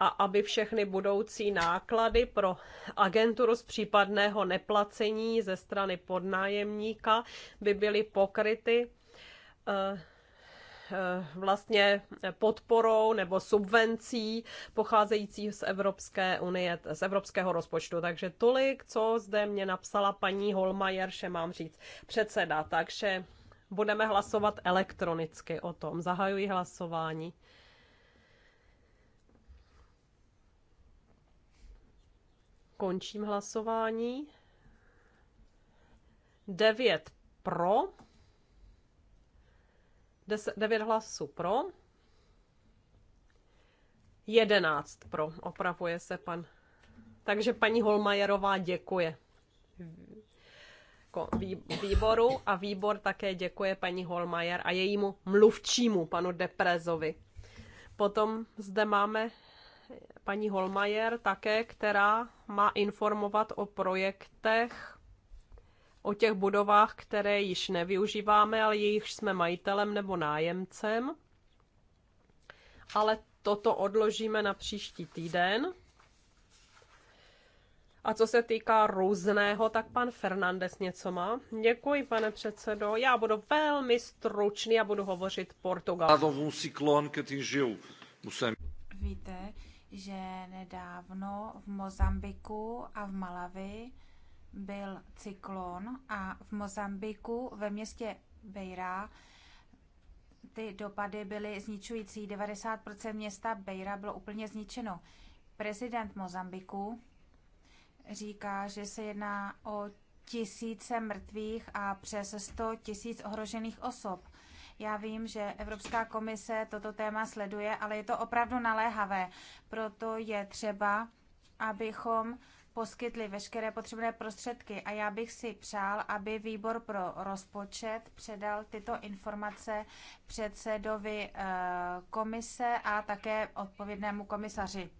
a aby všechny budoucí náklady pro agenturu z případného neplacení ze strany podnájemníka by byly pokryty eh, Eh, vlastně podporou nebo subvencí pocházející z Evropské unie, z evropského rozpočtu. Takže tolik, co zde mě napsala paní Holmajer, že mám říct předseda. Takže budeme hlasovat elektronicky o tom. Zahajuji hlasování. Končím hlasování. 9 pro, 10, 9 hlasů pro, 11 pro, opravuje se pan. Takže paní Holmajerová děkuje výboru a výbor také děkuje paní Holmajer a jejímu mluvčímu, panu Deprezovi. Potom zde máme paní Holmajer také, která má informovat o projektech o těch budovách, které již nevyužíváme, ale jejichž jsme majitelem nebo nájemcem. Ale toto odložíme na příští týden. A co se týká různého, tak pan Fernandez něco má. Děkuji, pane předsedo. Já budu velmi stručný a budu hovořit portugalsky. Víte, že nedávno v Mozambiku a v Malavi byl cyklon a v Mozambiku ve městě Beira ty dopady byly zničující. 90% města Beira bylo úplně zničeno. Prezident Mozambiku říká, že se jedná o tisíce mrtvých a přes 100 tisíc ohrožených osob. Já vím, že Evropská komise toto téma sleduje, ale je to opravdu naléhavé. Proto je třeba, abychom poskytli veškeré potřebné prostředky a já bych si přál, aby výbor pro rozpočet předal tyto informace předsedovi eh, komise a také odpovědnému komisaři.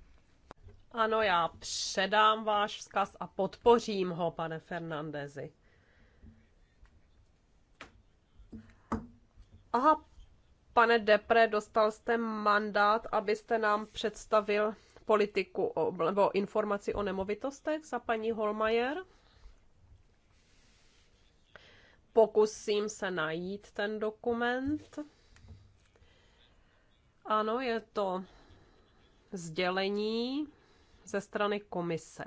Ano, já předám váš vzkaz a podpořím ho, pane Fernandezi. Aha, pane Depre, dostal jste mandát, abyste nám představil politiku nebo informaci o nemovitostech za paní Holmajer. Pokusím se najít ten dokument. Ano, je to sdělení ze strany komise,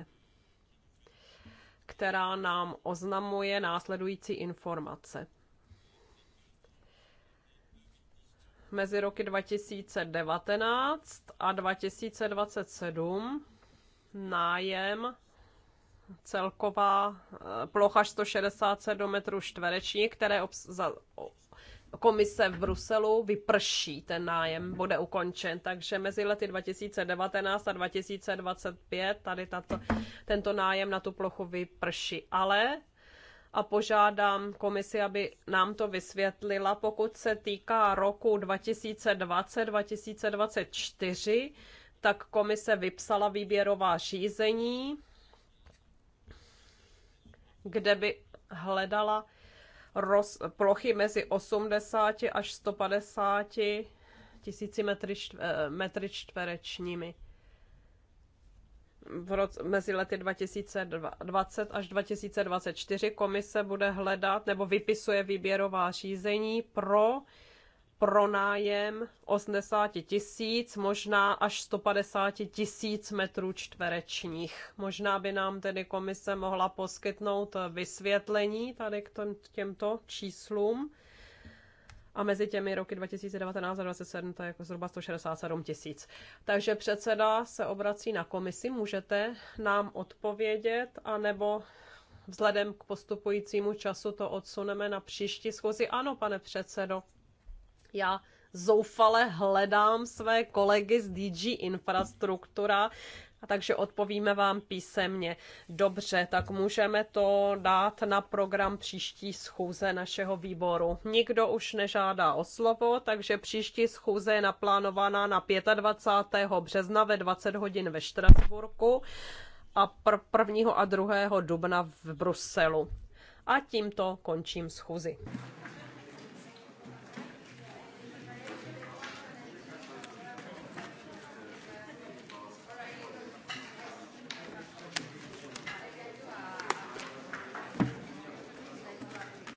která nám oznamuje následující informace. mezi roky 2019 a 2027 nájem celková eh, plocha 167 metrů čtvereční, které obs- za, komise v Bruselu vyprší, ten nájem bude ukončen. Takže mezi lety 2019 a 2025 tady tato, tento nájem na tu plochu vyprší. Ale a požádám komisi, aby nám to vysvětlila, pokud se týká roku 2020-2024, tak komise vypsala výběrová řízení, kde by hledala roz, plochy mezi 80 až 150 tisíci metry, čtver, metry čtverečními v roce, mezi lety 2020 až 2024 komise bude hledat nebo vypisuje výběrová řízení pro pronájem 80 tisíc, možná až 150 tisíc metrů čtverečních. Možná by nám tedy komise mohla poskytnout vysvětlení tady k těmto číslům a mezi těmi roky 2019 a 2027 to je jako zhruba 167 tisíc. Takže předseda se obrací na komisi, můžete nám odpovědět, anebo vzhledem k postupujícímu času to odsuneme na příští schůzi. Ano, pane předsedo, já zoufale hledám své kolegy z DG Infrastruktura, a takže odpovíme vám písemně. Dobře, tak můžeme to dát na program příští schůze našeho výboru. Nikdo už nežádá o slovo, takže příští schůze je naplánovaná na 25. března ve 20 hodin ve Štrasburku a 1. a 2. dubna v Bruselu. A tímto končím schůzi.